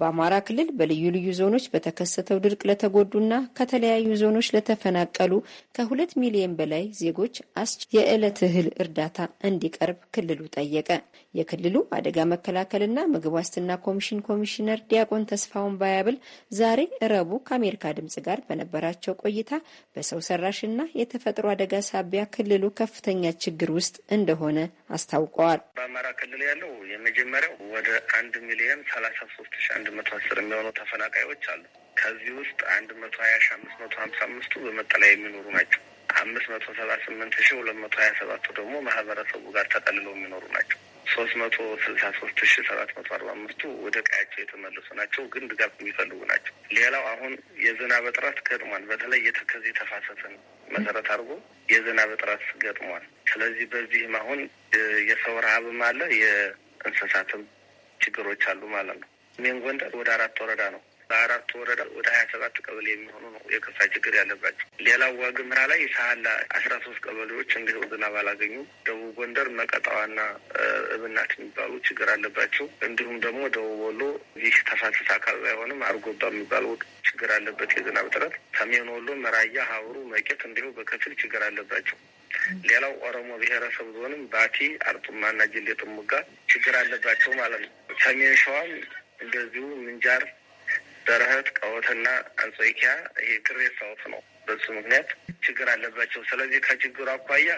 በአማራ ክልል በልዩ ልዩ ዞኖች በተከሰተው ድርቅ ለተጎዱና ከተለያዩ ዞኖች ለተፈናቀሉ ከሁለት ሚሊዮን በላይ ዜጎች አስ የዕለት እህል እርዳታ እንዲቀርብ ክልሉ ጠየቀ። የክልሉ አደጋ መከላከልና ምግብ ዋስትና ኮሚሽን ኮሚሽነር ዲያቆን ተስፋውን ባያብል ዛሬ እረቡ ከአሜሪካ ድምጽ ጋር በነበራቸው ቆይታ በሰው ሰራሽና የተፈጥሮ አደጋ ሳቢያ ክልሉ ከፍተኛ ችግር ውስጥ እንደሆነ አስታውቀዋል። በአማራ ክልል ያለው የመጀመሪያው ወደ አንድ ሚሊዮን ሰላሳ ሶስት ሺ አንድ መቶ አስር የሚሆኑ ተፈናቃዮች አሉ። ከዚህ ውስጥ አንድ መቶ ሀያ ሺ አምስት መቶ ሀምሳ አምስቱ በመጠለያ የሚኖሩ ናቸው። አምስት መቶ ሰባ ስምንት ሺ ሁለት መቶ ሀያ ሰባቱ ደግሞ ማህበረሰቡ ጋር ተጠልለው የሚኖሩ ናቸው። ሶስት መቶ ስልሳ ሶስት ሺ ሰባት መቶ አርባ አምስቱ ወደ ቀያቸው የተመለሱ ናቸው፣ ግን ድጋፍ የሚፈልጉ ናቸው። ሌላው አሁን የዝናብ እጥረት ገጥሟል። በተለይ የተከዜ ተፋሰስን መሰረት አድርጎ የዝናብ እጥረት ገጥሟል። ስለዚህ በዚህም አሁን የሰው ረሀብም አለ የእንስሳትም ችግሮች አሉ ማለት ነው። ሜን ጎንደር ወደ አራት ወረዳ ነው በአራቱ ወረዳ ወደ ሀያ ሰባት ቀበሌ የሚሆኑ ነው የከፋ ችግር ያለባቸው። ሌላው ዋግምራ ላይ ሳህላ አስራ ሶስት ቀበሌዎች እንዲሁ ዝናብ አላገኙ ደቡብ ጎንደር መቀጣዋና እብናት የሚባሉ ችግር አለባቸው። እንዲሁም ደግሞ ደቡብ ወሎ ይህ ተፋሰስ አካባቢ አይሆንም አርጎባ የሚባሉ ችግር አለበት የዝናብ እጥረት። ሰሜን ወሎ መራያ፣ ሀብሩ፣ መቄት እንዲሁ በከፊል ችግር አለባቸው። ሌላው ኦሮሞ ብሔረሰብ ዞንም ባቲ፣ አርጡማና ጅሌ ጥሙጋ ችግር አለባቸው ማለት ነው። ሰሜን ሸዋም እንደዚሁ ምንጃር በረሀት ቀወትና አንጾኪያ ይሄ ሳውት ነው። በሱ ምክንያት ችግር አለባቸው። ስለዚህ ከችግሩ አኳያ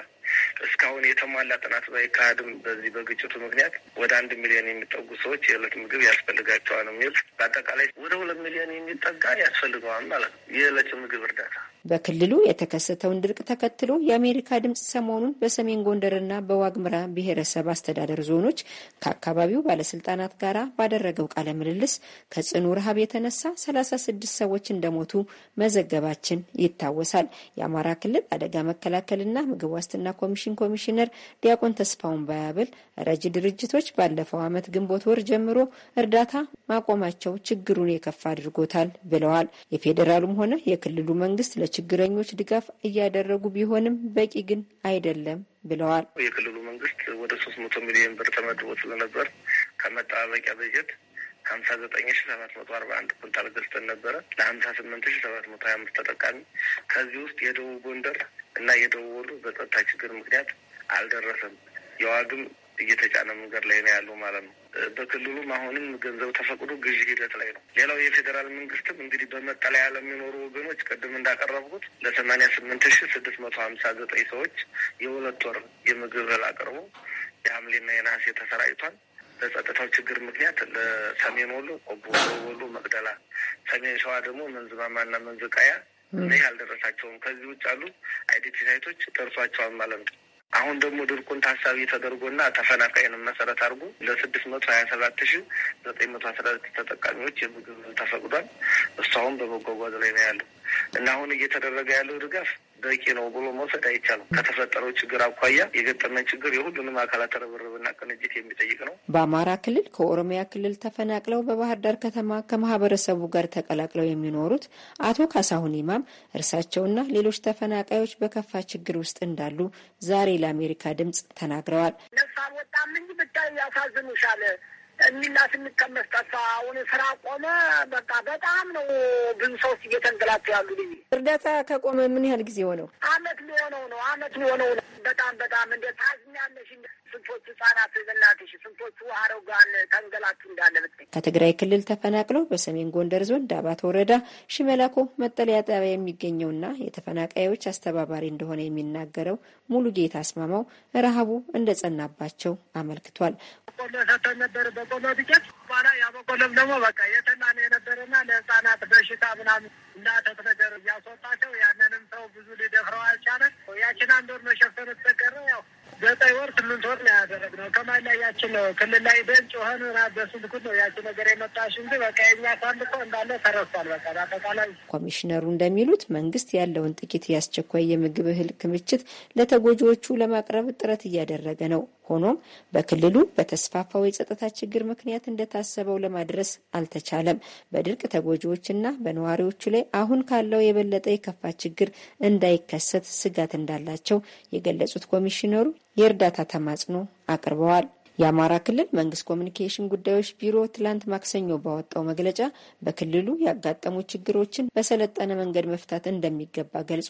እስካሁን የተሟላ ጥናት ባይካሄድም በዚህ በግጭቱ ምክንያት ወደ አንድ ሚሊዮን የሚጠጉ ሰዎች የዕለት ምግብ ያስፈልጋቸዋል የሚል በአጠቃላይ ወደ ሁለት ሚሊዮን የሚጠጋ ያስፈልገዋል ማለት ነው የዕለት ምግብ እርዳታ በክልሉ የተከሰተውን ድርቅ ተከትሎ የአሜሪካ ድምፅ ሰሞኑን በሰሜን ጎንደርና በዋግምራ ብሔረሰብ አስተዳደር ዞኖች ከአካባቢው ባለስልጣናት ጋር ባደረገው ቃለ ምልልስ ከጽኑ ረሃብ የተነሳ 36 ሰዎች እንደሞቱ መዘገባችን ይታወሳል። የአማራ ክልል አደጋ መከላከልና ምግብ ዋስትና ኮሚሽን ኮሚሽነር ዲያቆን ተስፋውን ባያብል ረጅ ድርጅቶች ባለፈው ዓመት ግንቦት ወር ጀምሮ እርዳታ ማቆማቸው ችግሩን የከፋ አድርጎታል ብለዋል። የፌዴራሉም ሆነ የክልሉ መንግስት ለ ለችግረኞች ድጋፍ እያደረጉ ቢሆንም በቂ ግን አይደለም ብለዋል። የክልሉ መንግስት ወደ ሶስት መቶ ሚሊዮን ብር ተመድቦ ስለነበር ከመጠባበቂያ በጀት ሀምሳ ዘጠኝ ሺ ሰባት መቶ አርባ አንድ ኩንታል ገዝተን ነበረ ለሀምሳ ስምንት ሺ ሰባት መቶ ሀያ አምስት ተጠቃሚ ከዚህ ውስጥ የደቡብ ጎንደር እና የደቡብ ወሎ በጸጥታ ችግር ምክንያት አልደረሰም። የዋግም እየተጫነ መንገድ ላይ ነው ያለው ማለት ነው። በክልሉም አሁንም ገንዘብ ተፈቅዶ ግዢ ሂደት ላይ ነው። ሌላው የፌዴራል መንግስትም እንግዲህ በመጠለያ ለሚኖሩ ወገኖች ቅድም እንዳቀረብኩት ለሰማኒያ ስምንት ሺ ስድስት መቶ ሀምሳ ዘጠኝ ሰዎች የሁለት ወር የምግብ እህል አቅርቦ የሐምሌና የነሐሴ ተሰራጭቷል። በጸጥታው ችግር ምክንያት ለሰሜን ወሎ ቆቦ፣ ወሎ መቅደላ፣ ሰሜን ሸዋ ደግሞ መንዝማማና መንዝቃያ እነህ ያልደረሳቸውም ከዚህ ውጭ አሉ አይዲቲ ሳይቶች ደርሷቸዋል ማለት ነው። አሁን ደግሞ ድርቁን ታሳቢ ተደርጎና ተፈናቃይንም መሰረት አድርጎ ለስድስት መቶ ሀያ ሰባት ሺ ዘጠኝ መቶ አስራ ዘጠኝ ተጠቃሚዎች የምግብ ተፈቅዷል። እሷሁን በመጓጓዝ ላይ ነው ያለው እና አሁን እየተደረገ ያለው ድጋፍ በቂ ነው ብሎ መውሰድ አይቻልም። ከተፈጠረው ችግር አኳያ የገጠመን ችግር የሁሉንም አካላት ርብርብና ቅንጅት የሚጠይቅ ነው። በአማራ ክልል ከኦሮሚያ ክልል ተፈናቅለው በባህር ዳር ከተማ ከማህበረሰቡ ጋር ተቀላቅለው የሚኖሩት አቶ ካሳሁን ኢማም እርሳቸውና ሌሎች ተፈናቃዮች በከፋ ችግር ውስጥ እንዳሉ ዛሬ ለአሜሪካ ድምጽ ተናግረዋል። ነፍስ አልወጣም እንጂ ብታይ ያሳዝኑሻል እሚና ስንቀመስ ጠፋ። አሁን ስራ ቆመ። በቃ በጣም ነው ብዙ ሰዎች እየተንገላቱ ያሉ። ልጅ እርዳታ ከቆመ ምን ያህል ጊዜ ሆነው? አመት ሊሆነው ነው። አመት ሊሆነው ነው። በጣም በጣም እንደ ታዝሚያለሽ። ስንቶቹ ህጻናት እናትሽ፣ ስንቶቹ አረጓን ተንገላቱ እንዳለ ብትይ። ከትግራይ ክልል ተፈናቅለው በሰሜን ጎንደር ዞን ዳባት ወረዳ ሽመላኮ መጠለያ ጣቢያ የሚገኘውና የተፈናቃዮች አስተባባሪ እንደሆነ የሚናገረው ሙሉ ጌታ አስማማው ረሃቡ እንደጸናባቸው አመልክቷል። ቆመ ነበር የበቆሎ ዱቄት በኋላ ያ በቆሎም ደግሞ በቃ የተናነ የነበረና ለህፃናት በሽታ ምናምን እንዳተት ነገር እያስወጣቸው ያንንም ሰው ብዙ ሊደፍረው አልቻለን። ያችን አንድ ወር መሸፈን ተቀረ። ያው ዘጠኝ ወር ስምንት ወር ነው ያደረግነው። ከማን ላይ ያችን ነው ክልል ላይ በንጭ ሆን ናበሱ ልኩት ነው ያችን ነገር የመጣሽ እንጂ በቃ የኛ ሳንድኮ እንዳለ ተረሷል። በቃ በአጠቃላይ ኮሚሽነሩ እንደሚሉት መንግስት ያለውን ጥቂት ያስቸኳይ የምግብ እህል ክምችት ለተጎጂዎቹ ለማቅረብ ጥረት እያደረገ ነው። ሆኖም በክልሉ በተስፋፋው የጸጥታ ችግር ምክንያት እንደታሰበው ለማድረስ አልተቻለም። በድርቅ ተጎጂዎችና በነዋሪዎቹ ላይ አሁን ካለው የበለጠ የከፋ ችግር እንዳይከሰት ስጋት እንዳላቸው የገለጹት ኮሚሽነሩ የእርዳታ ተማጽኖ አቅርበዋል። የአማራ ክልል መንግስት ኮሚኒኬሽን ጉዳዮች ቢሮ ትላንት ማክሰኞ ባወጣው መግለጫ በክልሉ ያጋጠሙ ችግሮችን በሰለጠነ መንገድ መፍታት እንደሚገባ ገልጾ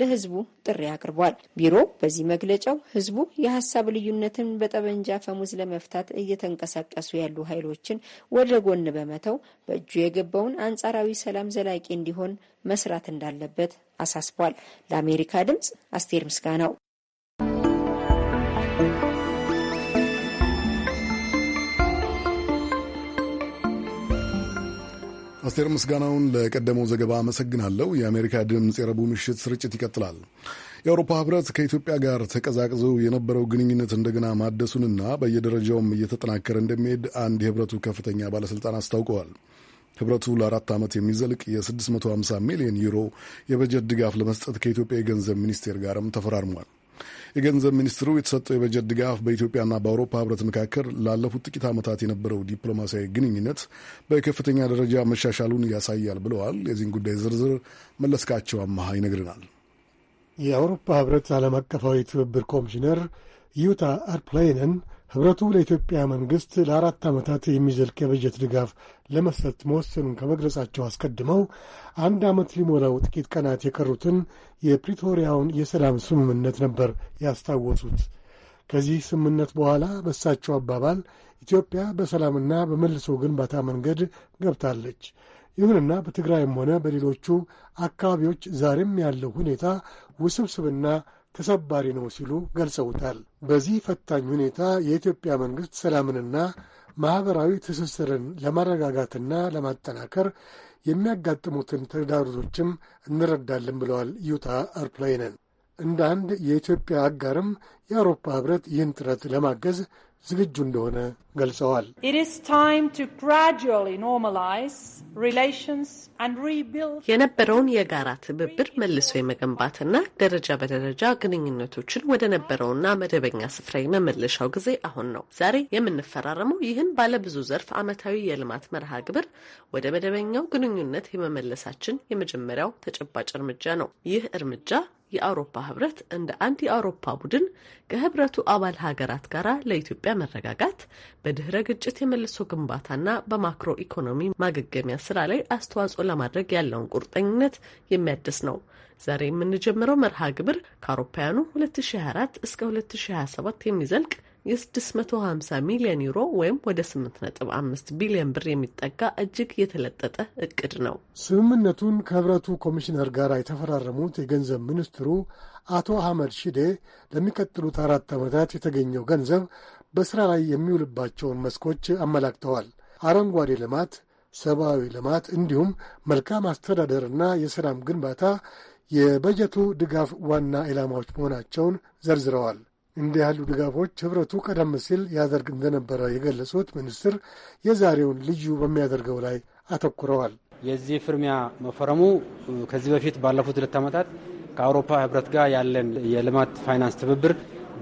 ለህዝቡ ጥሪ አቅርቧል። ቢሮ በዚህ መግለጫው ህዝቡ የሀሳብ ልዩነትን በጠመንጃ ፈሙዝ ለመፍታት እየተንቀሳቀሱ ያሉ ኃይሎችን ወደ ጎን በመተው በእጁ የገባውን አንጻራዊ ሰላም ዘላቂ እንዲሆን መስራት እንዳለበት አሳስቧል። ለአሜሪካ ድምጽ አስቴር ምስጋናው አስቴር ምስጋናውን ለቀደመው ዘገባ አመሰግናለሁ። የአሜሪካ ድምፅ የረቡዕ ምሽት ስርጭት ይቀጥላል። የአውሮፓ ህብረት ከኢትዮጵያ ጋር ተቀዛቅዞ የነበረው ግንኙነት እንደገና ማደሱንና በየደረጃውም እየተጠናከረ እንደሚሄድ አንድ የህብረቱ ከፍተኛ ባለስልጣን አስታውቀዋል። ህብረቱ ለአራት ዓመት የሚዘልቅ የ650 ሚሊዮን ዩሮ የበጀት ድጋፍ ለመስጠት ከኢትዮጵያ የገንዘብ ሚኒስቴር ጋርም ተፈራርሟል። የገንዘብ ሚኒስትሩ የተሰጠው የበጀት ድጋፍ በኢትዮጵያና በአውሮፓ ህብረት መካከል ላለፉት ጥቂት ዓመታት የነበረው ዲፕሎማሲያዊ ግንኙነት በከፍተኛ ደረጃ መሻሻሉን ያሳያል ብለዋል። የዚህን ጉዳይ ዝርዝር መለስካቸው አመሃ ይነግርናል። የአውሮፓ ህብረት ዓለም አቀፋዊ ትብብር ኮሚሽነር ዩታ አርፕላይነን ኅብረቱ ለኢትዮጵያ መንግሥት ለአራት ዓመታት የሚዘልቅ የበጀት ድጋፍ ለመስጠት መወሰኑን ከመግለጻቸው አስቀድመው አንድ ዓመት ሊሞላው ጥቂት ቀናት የቀሩትን የፕሪቶሪያውን የሰላም ስምምነት ነበር ያስታወሱት። ከዚህ ስምምነት በኋላ በሳቸው አባባል ኢትዮጵያ በሰላምና በመልሶ ግንባታ መንገድ ገብታለች። ይሁንና በትግራይም ሆነ በሌሎቹ አካባቢዎች ዛሬም ያለው ሁኔታ ውስብስብና ተሰባሪ ነው ሲሉ ገልጸውታል። በዚህ ፈታኝ ሁኔታ የኢትዮጵያ መንግሥት ሰላምንና ማኅበራዊ ትስስርን ለማረጋጋትና ለማጠናከር የሚያጋጥሙትን ተግዳሮቶችም እንረዳለን ብለዋል። ዩታ አርፕላይነን እንደ አንድ የኢትዮጵያ አጋርም የአውሮፓ ህብረት ይህን ጥረት ለማገዝ ዝግጁ እንደሆነ ገልጸዋል። የነበረውን የጋራ ትብብር መልሶ የመገንባትና ደረጃ በደረጃ ግንኙነቶችን ወደ ነበረውና መደበኛ ስፍራ የመመለሻው ጊዜ አሁን ነው። ዛሬ የምንፈራረመው ይህን ባለብዙ ዘርፍ ዓመታዊ የልማት መርሃ ግብር ወደ መደበኛው ግንኙነት የመመለሳችን የመጀመሪያው ተጨባጭ እርምጃ ነው። ይህ እርምጃ የአውሮፓ ህብረት እንደ አንድ የአውሮፓ ቡድን ከህብረቱ አባል ሀገራት ጋር ለኢትዮጵያ መረጋጋት በድህረ ግጭት የመልሶ ግንባታና በማክሮ ኢኮኖሚ ማገገሚያ ስራ ላይ አስተዋጽኦ ለማድረግ ያለውን ቁርጠኝነት የሚያድስ ነው። ዛሬ የምንጀምረው መርሃ ግብር ከአውሮፓውያኑ 2024 እስከ 2027 የሚዘልቅ የ650 ሚሊዮን ዩሮ ወይም ወደ 8.5 ቢሊዮን ብር የሚጠጋ እጅግ የተለጠጠ እቅድ ነው። ስምምነቱን ከህብረቱ ኮሚሽነር ጋር የተፈራረሙት የገንዘብ ሚኒስትሩ አቶ አህመድ ሺዴ ለሚቀጥሉት አራት ዓመታት የተገኘው ገንዘብ በሥራ ላይ የሚውልባቸውን መስኮች አመላክተዋል። አረንጓዴ ልማት፣ ሰብአዊ ልማት እንዲሁም መልካም አስተዳደርና የሰላም ግንባታ የበጀቱ ድጋፍ ዋና ኢላማዎች መሆናቸውን ዘርዝረዋል። እንዲህ ያሉ ድጋፎች ህብረቱ ቀደም ሲል ያደርግ እንደነበረ የገለጹት ሚኒስትር የዛሬውን ልዩ በሚያደርገው ላይ አተኩረዋል። የዚህ ፍርሚያ መፈረሙ ከዚህ በፊት ባለፉት ሁለት ዓመታት ከአውሮፓ ህብረት ጋር ያለን የልማት ፋይናንስ ትብብር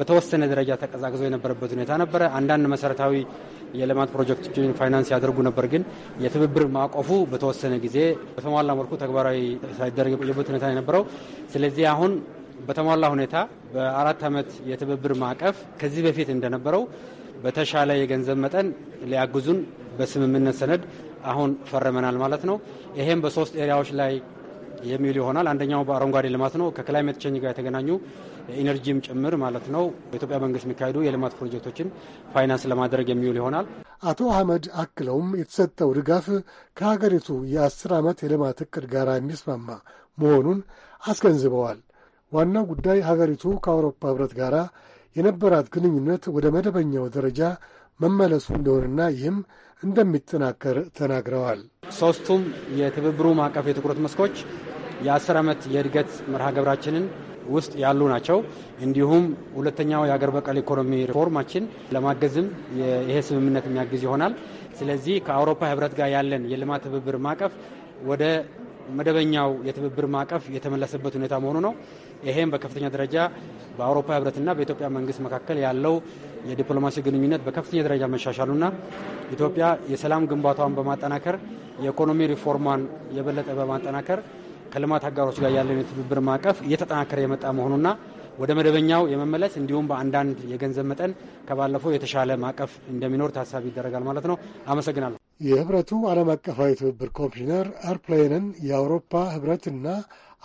በተወሰነ ደረጃ ተቀዛቅዞ የነበረበት ሁኔታ ነበረ። አንዳንድ መሰረታዊ የልማት ፕሮጀክቶችን ፋይናንስ ያደርጉ ነበር። ግን የትብብር ማዕቀፉ በተወሰነ ጊዜ በተሟላ መልኩ ተግባራዊ ሳይደረግ የቦት ሁኔታ የነበረው ስለዚህ አሁን በተሟላ ሁኔታ በአራት ዓመት የትብብር ማዕቀፍ ከዚህ በፊት እንደነበረው በተሻለ የገንዘብ መጠን ሊያግዙን በስምምነት ሰነድ አሁን ፈርመናል ማለት ነው። ይሄም በሶስት ኤሪያዎች ላይ የሚውል ይሆናል። አንደኛው በአረንጓዴ ልማት ነው። ከክላይሜት ቼንጅ ጋር የተገናኙ ኢነርጂም ጭምር ማለት ነው። በኢትዮጵያ መንግስት የሚካሄዱ የልማት ፕሮጀክቶችን ፋይናንስ ለማድረግ የሚውል ይሆናል። አቶ አህመድ አክለውም የተሰጠው ድጋፍ ከሀገሪቱ የአስር ዓመት የልማት እቅድ ጋር የሚስማማ መሆኑን አስገንዝበዋል። ዋናው ጉዳይ ሀገሪቱ ከአውሮፓ ህብረት ጋር የነበራት ግንኙነት ወደ መደበኛው ደረጃ መመለሱ እንደሆነና ይህም እንደሚጠናከር ተናግረዋል። ሶስቱም የትብብሩ ማዕቀፍ የትኩረት መስኮች የአስር ዓመት የእድገት መርሃ ግብራችንን ውስጥ ያሉ ናቸው። እንዲሁም ሁለተኛው የአገር በቀል ኢኮኖሚ ሪፎርማችን ለማገዝም ይሄ ስምምነት የሚያግዝ ይሆናል። ስለዚህ ከአውሮፓ ህብረት ጋር ያለን የልማት ትብብር ማዕቀፍ ወደ መደበኛው የትብብር ማዕቀፍ የተመለሰበት ሁኔታ መሆኑ ነው። ይሄም በከፍተኛ ደረጃ በአውሮፓ ህብረትና በኢትዮጵያ መንግስት መካከል ያለው የዲፕሎማሲ ግንኙነት በከፍተኛ ደረጃ መሻሻሉና ኢትዮጵያ የሰላም ግንባታዋን በማጠናከር የኢኮኖሚ ሪፎርሟን የበለጠ በማጠናከር ከልማት አጋሮች ጋር ያለውን የትብብር ማዕቀፍ እየተጠናከረ የመጣ መሆኑና ወደ መደበኛው የመመለስ እንዲሁም በአንዳንድ የገንዘብ መጠን ከባለፈው የተሻለ ማዕቀፍ እንደሚኖር ታሳቢ ይደረጋል ማለት ነው። አመሰግናለሁ። የህብረቱ ዓለም አቀፋዊ ትብብር ኮሚሽነር አርፕላንን የአውሮፓ ህብረትና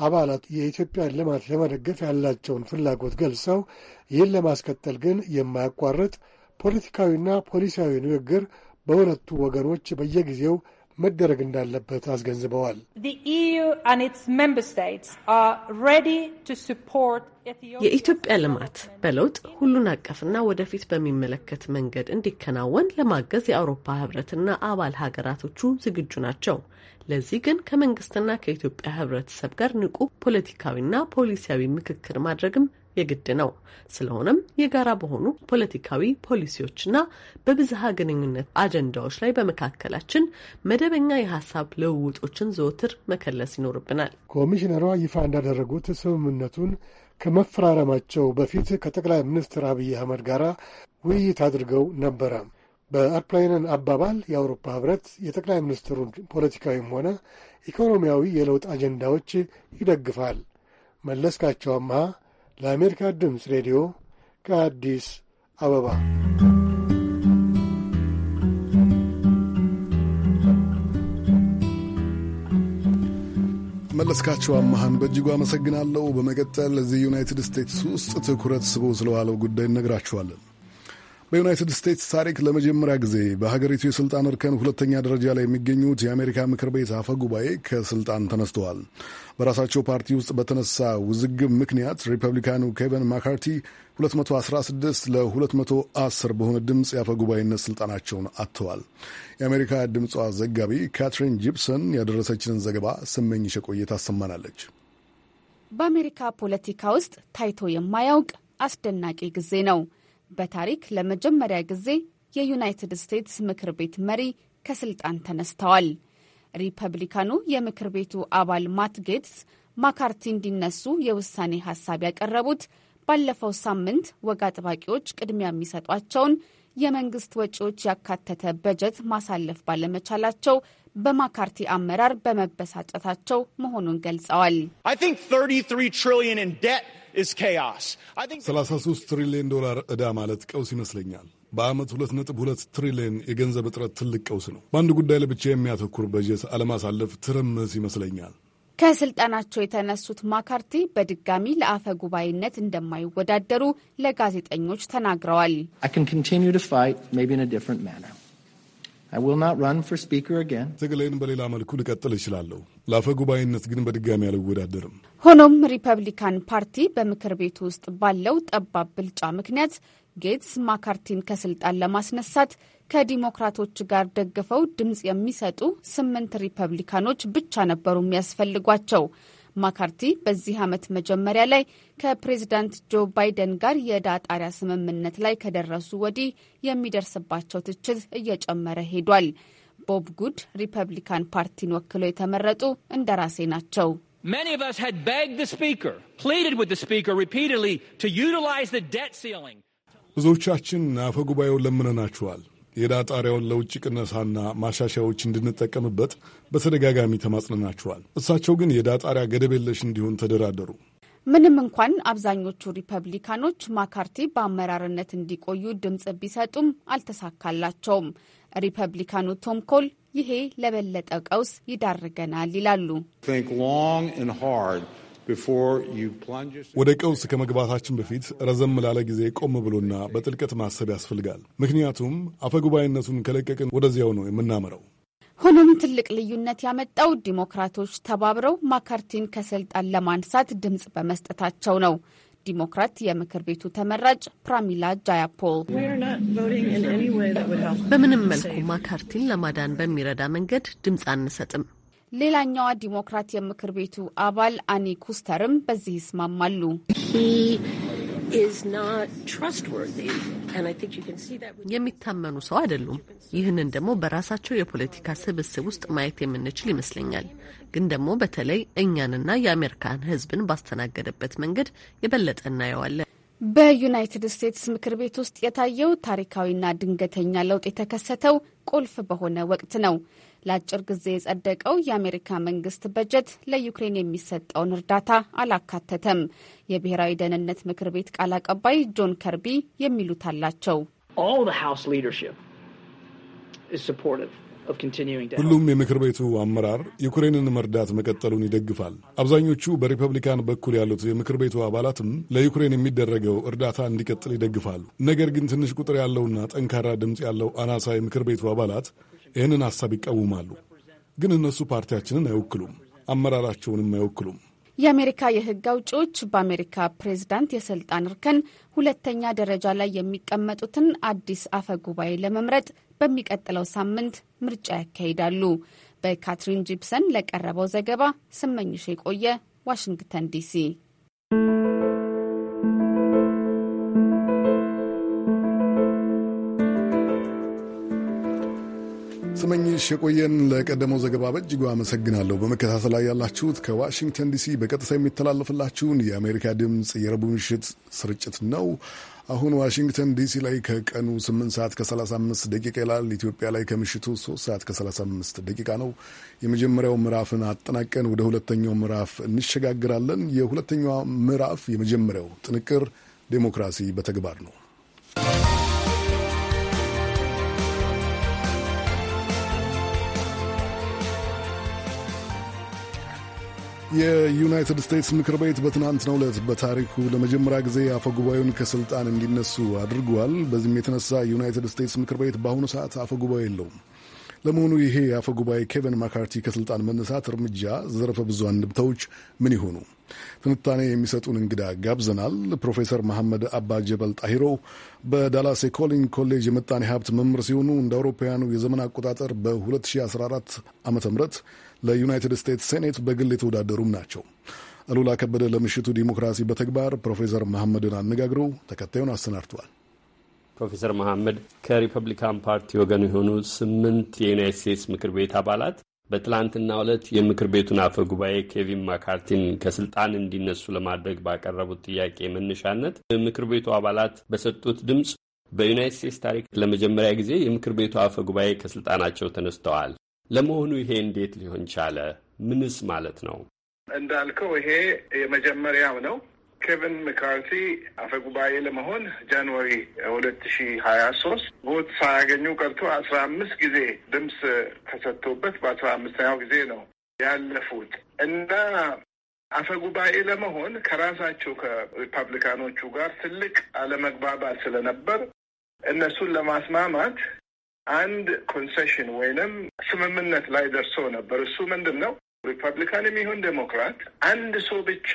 አባላት የኢትዮጵያን ልማት ለመደገፍ ያላቸውን ፍላጎት ገልጸው ይህን ለማስቀጠል ግን የማያቋርጥ ፖለቲካዊና ፖሊሲያዊ ንግግር በሁለቱ ወገኖች በየጊዜው መደረግ እንዳለበት አስገንዝበዋል። e የኢትዮጵያ ልማት በለውጥ ሁሉን አቀፍና ወደፊት በሚመለከት መንገድ እንዲከናወን ለማገዝ የአውሮፓ ህብረትና አባል ሀገራቶቹ ዝግጁ ናቸው። ለዚህ ግን ከመንግስትና ከኢትዮጵያ ህብረተሰብ ጋር ንቁ ፖለቲካዊና ፖሊሲያዊ ምክክር ማድረግም የግድ ነው። ስለሆነም የጋራ በሆኑ ፖለቲካዊ ፖሊሲዎችና በብዝሃ ግንኙነት አጀንዳዎች ላይ በመካከላችን መደበኛ የሀሳብ ልውውጦችን ዘወትር መከለስ ይኖርብናል። ኮሚሽነሯ ይፋ እንዳደረጉት ስምምነቱን ከመፈራረማቸው በፊት ከጠቅላይ ሚኒስትር አብይ አህመድ ጋር ውይይት አድርገው ነበረ። በአርፕላይንን አባባል የአውሮፓ ህብረት የጠቅላይ ሚኒስትሩን ፖለቲካዊም ሆነ ኢኮኖሚያዊ የለውጥ አጀንዳዎች ይደግፋል። መለስካቸው አምሃ ለአሜሪካ ድምፅ ሬዲዮ ከአዲስ አበባ። መለስካቸው አመሃን በእጅጉ አመሰግናለሁ። በመቀጠል እዚህ ዩናይትድ ስቴትስ ውስጥ ትኩረት ስቦ ስለዋለው ጉዳይ እነግራችኋለን። በዩናይትድ ስቴትስ ታሪክ ለመጀመሪያ ጊዜ በሀገሪቱ የስልጣን እርከን ሁለተኛ ደረጃ ላይ የሚገኙት የአሜሪካ ምክር ቤት አፈ ጉባኤ ከስልጣን ተነስተዋል። በራሳቸው ፓርቲ ውስጥ በተነሳ ውዝግብ ምክንያት ሪፐብሊካኑ ኬቨን ማካርቲ 216 ለ210 በሆነ ድምፅ የአፈ ጉባኤነት ስልጣናቸውን አጥተዋል። የአሜሪካ ድምጿ ዘጋቢ ካትሪን ጂፕሰን ያደረሰችንን ዘገባ ስመኝሸ ቆየ ታሰማናለች። በአሜሪካ ፖለቲካ ውስጥ ታይቶ የማያውቅ አስደናቂ ጊዜ ነው። በታሪክ ለመጀመሪያ ጊዜ የዩናይትድ ስቴትስ ምክር ቤት መሪ ከስልጣን ተነስተዋል። ሪፐብሊካኑ የምክር ቤቱ አባል ማት ጌትስ ማካርቲ እንዲነሱ የውሳኔ ሀሳብ ያቀረቡት ባለፈው ሳምንት ወግ አጥባቂዎች ቅድሚያ የሚሰጧቸውን የመንግስት ወጪዎች ያካተተ በጀት ማሳለፍ ባለመቻላቸው በማካርቲ አመራር በመበሳጨታቸው መሆኑን ገልጸዋል። 33 ትሪሊዮን ዶላር ዕዳ ማለት ቀውስ ይመስለኛል። በዓመት 2.2 ትሪሊዮን የገንዘብ እጥረት ትልቅ ቀውስ ነው። በአንድ ጉዳይ ለብቻ የሚያተኩር በጀት አለማሳለፍ ትርምስ ይመስለኛል። ከስልጣናቸው የተነሱት ማካርቲ በድጋሚ ለአፈ ጉባኤነት እንደማይወዳደሩ ለጋዜጠኞች ተናግረዋል። ትግሌን በሌላ መልኩ ልቀጥል እችላለሁ። ለአፈ ጉባኤነት ግን በድጋሚ አልወዳደርም። ሆኖም ሪፐብሊካን ፓርቲ በምክር ቤቱ ውስጥ ባለው ጠባብ ብልጫ ምክንያት ጌትስ ማካርቲን ከስልጣን ለማስነሳት ከዲሞክራቶች ጋር ደግፈው ድምፅ የሚሰጡ ስምንት ሪፐብሊካኖች ብቻ ነበሩ የሚያስፈልጓቸው። ማካርቲ በዚህ ዓመት መጀመሪያ ላይ ከፕሬዚዳንት ጆ ባይደን ጋር የዕዳ ጣሪያ ስምምነት ላይ ከደረሱ ወዲህ የሚደርስባቸው ትችት እየጨመረ ሄዷል። ቦብ ጉድ ሪፐብሊካን ፓርቲን ወክለው የተመረጡ እንደራሴ ናቸው። ብዙዎቻችን አፈጉባኤውን ለምነናችኋል። የዕዳ ጣሪያውን ለውጭ ቅነሳና ማሻሻያዎች እንድንጠቀምበት በተደጋጋሚ ተማጽነናቸዋል። እሳቸው ግን የዕዳ ጣሪያ ገደብ የለሽ እንዲሆን ተደራደሩ። ምንም እንኳን አብዛኞቹ ሪፐብሊካኖች ማካርቲ በአመራርነት እንዲቆዩ ድምፅ ቢሰጡም አልተሳካላቸውም። ሪፐብሊካኑ ቶም ኮል ይሄ ለበለጠ ቀውስ ይዳርገናል ይላሉ። ወደ ቀውስ ከመግባታችን በፊት ረዘም ላለ ጊዜ ቆም ብሎና በጥልቀት ማሰብ ያስፈልጋል። ምክንያቱም አፈጉባኤነቱን ከለቀቅን ወደዚያው ነው የምናመረው። ሆኖም ትልቅ ልዩነት ያመጣው ዲሞክራቶች ተባብረው ማካርቲን ከስልጣን ለማንሳት ድምፅ በመስጠታቸው ነው። ዲሞክራት የምክር ቤቱ ተመራጭ ፕራሚላ ጃያፖል በምንም መልኩ ማካርቲን ለማዳን በሚረዳ መንገድ ድምፅ አንሰጥም ሌላኛዋ ዲሞክራት የምክር ቤቱ አባል አኒ ኩስተርም በዚህ ይስማማሉ። የሚታመኑ ሰው አይደሉም። ይህንን ደግሞ በራሳቸው የፖለቲካ ስብስብ ውስጥ ማየት የምንችል ይመስለኛል። ግን ደግሞ በተለይ እኛንና የአሜሪካን ሕዝብን ባስተናገደበት መንገድ የበለጠ እናየዋለን። በዩናይትድ ስቴትስ ምክር ቤት ውስጥ የታየው ታሪካዊና ድንገተኛ ለውጥ የተከሰተው ቁልፍ በሆነ ወቅት ነው። ለአጭር ጊዜ የጸደቀው የአሜሪካ መንግስት በጀት ለዩክሬን የሚሰጠውን እርዳታ አላካተተም። የብሔራዊ ደህንነት ምክር ቤት ቃል አቀባይ ጆን ከርቢ የሚሉት አላቸው። ሁሉም የምክር ቤቱ አመራር ዩክሬንን መርዳት መቀጠሉን ይደግፋል። አብዛኞቹ በሪፐብሊካን በኩል ያሉት የምክር ቤቱ አባላትም ለዩክሬን የሚደረገው እርዳታ እንዲቀጥል ይደግፋሉ። ነገር ግን ትንሽ ቁጥር ያለውና ጠንካራ ድምፅ ያለው አናሳ የምክር ቤቱ አባላት ይህንን ሐሳብ ይቃወማሉ። ግን እነሱ ፓርቲያችንን አይወክሉም፣ አመራራቸውንም አይወክሉም። የአሜሪካ የህግ አውጪዎች በአሜሪካ ፕሬዝዳንት የስልጣን እርከን ሁለተኛ ደረጃ ላይ የሚቀመጡትን አዲስ አፈ ጉባኤ ለመምረጥ በሚቀጥለው ሳምንት ምርጫ ያካሂዳሉ። በካትሪን ጂፕሰን ለቀረበው ዘገባ ስመኝሽ የቆየ ዋሽንግተን ዲሲ። ስመኝሽ የቆየን ለቀደመው ዘገባ በእጅጉ አመሰግናለሁ። በመከታተል ላይ ያላችሁት ከዋሽንግተን ዲሲ በቀጥታ የሚተላለፍላችሁን የአሜሪካ ድምፅ የረቡዕ ምሽት ስርጭት ነው። አሁን ዋሽንግተን ዲሲ ላይ ከቀኑ 8 ሰዓት ከ35 ደቂቃ ይላል። ኢትዮጵያ ላይ ከምሽቱ 3 ሰዓት ከ35 ደቂቃ ነው። የመጀመሪያው ምዕራፍን አጠናቀን ወደ ሁለተኛው ምዕራፍ እንሸጋግራለን። የሁለተኛው ምዕራፍ የመጀመሪያው ጥንቅር ዴሞክራሲ በተግባር ነው። የዩናይትድ ስቴትስ ምክር ቤት በትናንትናው ዕለት በታሪኩ ለመጀመሪያ ጊዜ አፈ ጉባኤውን ከስልጣን እንዲነሱ አድርጓል። በዚህም የተነሳ ዩናይትድ ስቴትስ ምክር ቤት በአሁኑ ሰዓት አፈ ጉባኤ የለውም። ለመሆኑ ይሄ የአፈ ጉባኤ ኬቨን ማካርቲ ከስልጣን መነሳት እርምጃ ዘርፈ ብዙ አንድምታዎች ምን ይሆኑ? ትንታኔ የሚሰጡን እንግዳ ጋብዘናል። ፕሮፌሰር መሐመድ አባ ጀበል ጣሂሮ በዳላስ የኮሊን ኮሌጅ የመጣኔ ሀብት መምህር ሲሆኑ እንደ አውሮፓውያኑ የዘመን አቆጣጠር በ2014 ዓ ም ለዩናይትድ ስቴትስ ሴኔት በግል የተወዳደሩም ናቸው። አሉላ ከበደ ለምሽቱ ዲሞክራሲ በተግባር ፕሮፌሰር መሐመድን አነጋግሮ ተከታዩን አሰናድተዋል። ፕሮፌሰር መሐመድ ከሪፐብሊካን ፓርቲ ወገን የሆኑ ስምንት የዩናይት ስቴትስ ምክር ቤት አባላት በትላንትና ዕለት የምክር ቤቱን አፈ ጉባኤ ኬቪን ማካርቲን ከስልጣን እንዲነሱ ለማድረግ ባቀረቡት ጥያቄ መነሻነት ምክር ቤቱ አባላት በሰጡት ድምፅ በዩናይት ስቴትስ ታሪክ ለመጀመሪያ ጊዜ የምክር ቤቱ አፈ ጉባኤ ከስልጣናቸው ተነስተዋል። ለመሆኑ ይሄ እንዴት ሊሆን ቻለ? ምንስ ማለት ነው? እንዳልከው ይሄ የመጀመሪያው ነው። ኬቪን ምካርቲ አፈ ጉባኤ ለመሆን ጃንዋሪ ሁለት ሺ ሀያ ሶስት ቦት ሳያገኙ ቀርቶ አስራ አምስት ጊዜ ድምፅ ተሰጥቶበት በአስራ አምስተኛው ጊዜ ነው ያለፉት እና አፈ ጉባኤ ለመሆን ከራሳቸው ከሪፐብሊካኖቹ ጋር ትልቅ አለመግባባት ስለነበር እነሱን ለማስማማት አንድ ኮንሴሽን ወይንም ስምምነት ላይ ደርሶ ነበር። እሱ ምንድን ነው? ሪፐብሊካንም ይሁን ዴሞክራት አንድ ሰው ብቻ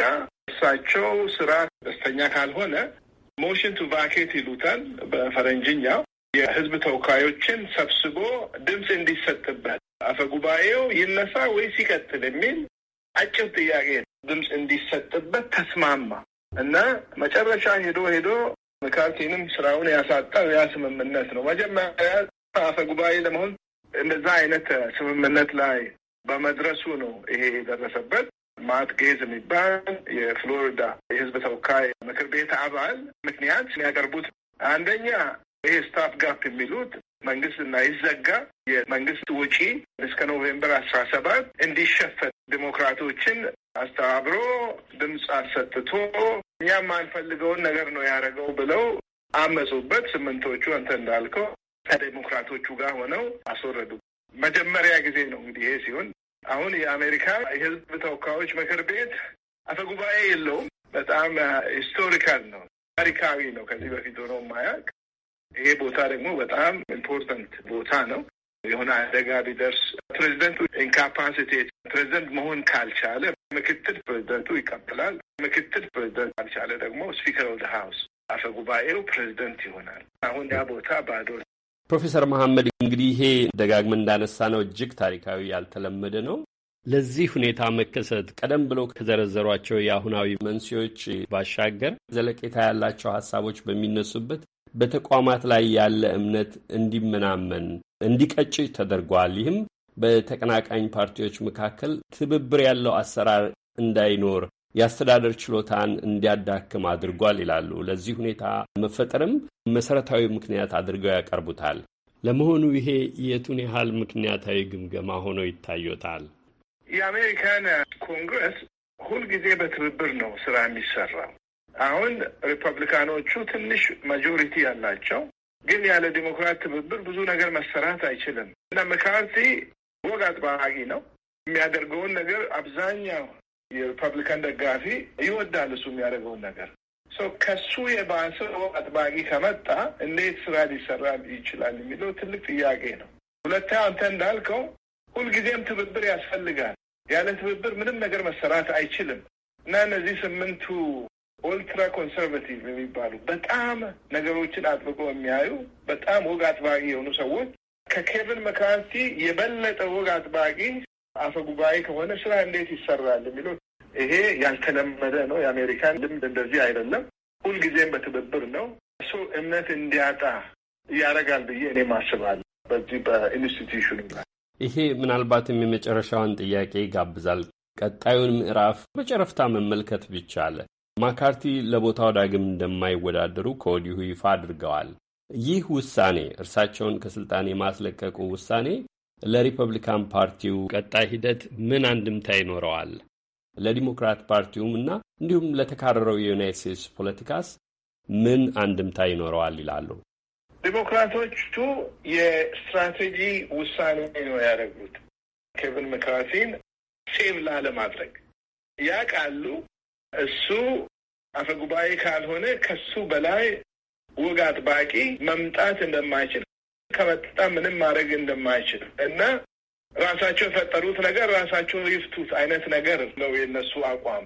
እሳቸው ስራ ደስተኛ ካልሆነ ሞሽን ቱ ቫኬት ይሉታል በፈረንጅኛው የህዝብ ተወካዮችን ሰብስቦ ድምፅ እንዲሰጥበት አፈ ጉባኤው ይነሳ ወይስ ይቀጥል የሚል አጭር ጥያቄ ድምፅ እንዲሰጥበት ተስማማ እና መጨረሻ ሄዶ ሄዶ መካርቲንም ስራውን ያሳጣው ያ ስምምነት ነው። መጀመሪያ አፈ ጉባኤ ለመሆን እንደዛ አይነት ስምምነት ላይ በመድረሱ ነው ይሄ የደረሰበት። ማት ጌዝ የሚባል የፍሎሪዳ የህዝብ ተወካይ ምክር ቤት አባል ምክንያት የሚያቀርቡት አንደኛ ይሄ ስታፍ ጋፕ የሚሉት መንግስት እና ይዘጋ የመንግስት ውጪ እስከ ኖቬምበር አስራ ሰባት እንዲሸፈት ዲሞክራቶችን አስተባብሮ ድምፅ አሰጥቶ እኛም አንፈልገውን ነገር ነው ያደረገው ብለው አመፁበት። ስምንቶቹ አንተ እንዳልከው ከዴሞክራቶቹ ጋር ሆነው አስወረዱ። መጀመሪያ ጊዜ ነው እንግዲህ ይሄ ሲሆን አሁን የአሜሪካ የህዝብ ተወካዮች ምክር ቤት አፈ ጉባኤ የለውም። በጣም ሂስቶሪካል ነው፣ ታሪካዊ ነው። ከዚህ በፊት ሆኖ ማያውቅ ይሄ ቦታ ደግሞ በጣም ኢምፖርታንት ቦታ ነው። የሆነ አደጋ ቢደርስ ፕሬዚደንቱ ኢንካፓሲቴት ፕሬዚደንት መሆን ካልቻለ ምክትል ፕሬዚደንቱ ይቀበላል። ምክትል ፕሬዚደንት ካልቻለ ደግሞ ስፒከር ኦፍ ሀውስ አፈ ጉባኤው ፕሬዚደንት ይሆናል። አሁን ያ ቦታ ባዶ ፕሮፌሰር መሐመድ እንግዲህ ይሄ ደጋግመን እንዳነሳ ነው እጅግ ታሪካዊ ያልተለመደ ነው። ለዚህ ሁኔታ መከሰት ቀደም ብለው ከዘረዘሯቸው የአሁናዊ መንስኤዎች ባሻገር ዘለቄታ ያላቸው ሀሳቦች በሚነሱበት በተቋማት ላይ ያለ እምነት እንዲመናመን እንዲቀጭ ተደርጓል። ይህም በተቀናቃኝ ፓርቲዎች መካከል ትብብር ያለው አሰራር እንዳይኖር የአስተዳደር ችሎታን እንዲያዳክም አድርጓል ይላሉ። ለዚህ ሁኔታ መፈጠርም መሰረታዊ ምክንያት አድርገው ያቀርቡታል። ለመሆኑ ይሄ የቱን ያህል ምክንያታዊ ግምገማ ሆኖ ይታዩታል? የአሜሪካን ኮንግረስ ሁልጊዜ በትብብር ነው ስራ የሚሰራው። አሁን ሪፐብሊካኖቹ ትንሽ ማጆሪቲ ያላቸው ግን ያለ ዲሞክራት ትብብር ብዙ ነገር መሰራት አይችልም እና መካርቲ ወግ አጥባቂ ነው። የሚያደርገውን ነገር አብዛኛው የሪፐብሊካን ደጋፊ ይወዳል እሱ የሚያደርገውን ነገር ከሱ የባሰ አጥባቂ ከመጣ እንዴት ስራ ሊሰራ ይችላል የሚለው ትልቅ ጥያቄ ነው። ሁለተኛ አንተ እንዳልከው ሁልጊዜም ትብብር ያስፈልጋል። ያለ ትብብር ምንም ነገር መሰራት አይችልም እና እነዚህ ስምንቱ ኦልትራ ኮንሰርቫቲቭ የሚባሉ በጣም ነገሮችን አጥብቆ የሚያዩ በጣም ወግ አጥባቂ የሆኑ ሰዎች ከኬቪን መካርቲ የበለጠ ወግ አጥባቂ አፈ ጉባኤ ከሆነ ስራ እንዴት ይሰራል የሚለው ይሄ ያልተለመደ ነው። የአሜሪካን ልምድ እንደዚህ አይደለም። ሁልጊዜም በትብብር ነው። እሱ እምነት እንዲያጣ ያደርጋል ብዬ እኔ ማስባል በዚህ በኢንስቲትዩሽኑ ይሄ ምናልባትም የመጨረሻውን ጥያቄ ይጋብዛል። ቀጣዩን ምዕራፍ በጨረፍታ መመልከት ብቻ አለ ማካርቲ ለቦታው ዳግም እንደማይወዳደሩ ከወዲሁ ይፋ አድርገዋል። ይህ ውሳኔ እርሳቸውን ከስልጣን የማስለቀቁ ውሳኔ ለሪፐብሊካን ፓርቲው ቀጣይ ሂደት ምን አንድምታ ይኖረዋል? ለዲሞክራት ፓርቲውም እና እንዲሁም ለተካረረው የዩናይት ስቴትስ ፖለቲካስ ምን አንድምታ ይኖረዋል ይላሉ። ዲሞክራቶቹ የስትራቴጂ ውሳኔ ነው ያደረጉት ኬቪን መካርቲን ሴም ላለማድረግ ቃሉ? እሱ አፈጉባኤ ካልሆነ ከሱ በላይ ወግ አጥባቂ መምጣት እንደማይችል ከመጣ ምንም ማድረግ እንደማይችል እና ራሳቸው የፈጠሩት ነገር ራሳቸው ይፍቱት አይነት ነገር ነው የነሱ አቋም።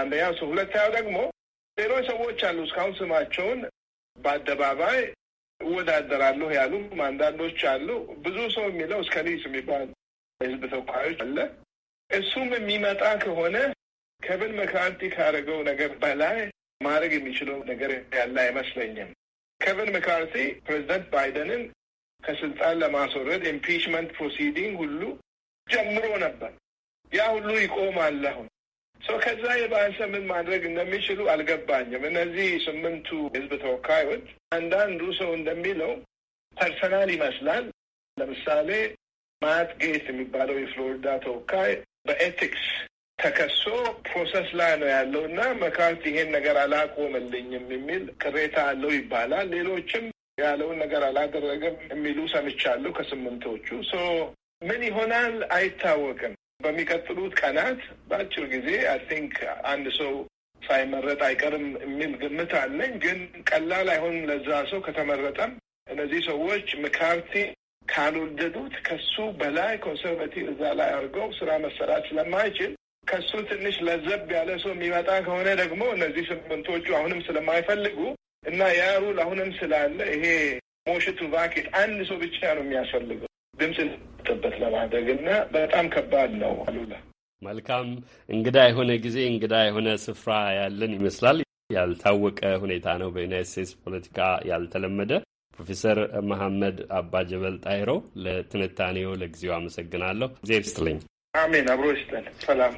አንደኛ እሱ። ሁለተኛው ደግሞ ሌሎች ሰዎች አሉ እስካሁን ስማቸውን በአደባባይ እወዳደራለሁ ያሉ አንዳንዶች አሉ። ብዙ ሰው የሚለው እስከ ሊስ የሚባል የህዝብ ተወካዮች አለ። እሱም የሚመጣ ከሆነ ከብን መካርቲ ካደረገው ነገር በላይ ማድረግ የሚችለው ነገር ያለ አይመስለኝም። ከቨን መካርቲ ፕሬዚደንት ባይደንን ከስልጣን ለማስወረድ ኢምፒችመንት ፕሮሲዲንግ ሁሉ ጀምሮ ነበር። ያ ሁሉ ይቆማል አሁን ሰው ከዛ የባሰ ምን ማድረግ እንደሚችሉ አልገባኝም። እነዚህ ስምንቱ ህዝብ ተወካዮች አንዳንዱ ሰው እንደሚለው ፐርሰናል ይመስላል። ለምሳሌ ማት ጌት የሚባለው የፍሎሪዳ ተወካይ በኤቲክስ ተከሶ ፕሮሰስ ላይ ነው ያለው እና መካርት ይሄን ነገር አላቆምልኝም የሚል ቅሬታ አለው ይባላል። ሌሎችም ያለውን ነገር አላደረገም የሚሉ ሰምቻለሁ ከስምንቶቹ። ምን ይሆናል አይታወቅም። በሚቀጥሉት ቀናት በአጭር ጊዜ አይ ቲንክ አንድ ሰው ሳይመረጥ አይቀርም የሚል ግምት አለኝ። ግን ቀላል አይሆንም ለዛ ሰው ከተመረጠም። እነዚህ ሰዎች ምካርቲ ካልወደዱት ከሱ በላይ ኮንሰርቫቲቭ እዛ ላይ አድርገው ስራ መሰራት ስለማይችል ከሱ ትንሽ ለዘብ ያለ ሰው የሚመጣ ከሆነ ደግሞ እነዚህ ስምንቶቹ አሁንም ስለማይፈልጉ እና ያ ሩል አሁንም ስላለ ይሄ ሞሽቱ ቫኬት አንድ ሰው ብቻ ነው የሚያስፈልገው ድምፅ ጥበት ለማድረግ እና በጣም ከባድ ነው። አሉላ መልካም እንግዳ የሆነ ጊዜ እንግዳ የሆነ ስፍራ ያለን ይመስላል። ያልታወቀ ሁኔታ ነው በዩናይት ስቴትስ ፖለቲካ ያልተለመደ። ፕሮፌሰር መሐመድ አባ ጀበል ጣይሮ ለትንታኔው ለጊዜው አመሰግናለሁ። ጊዜ ይስጥልኝ። አሜን። አብሮ ይስጠን። ሰላም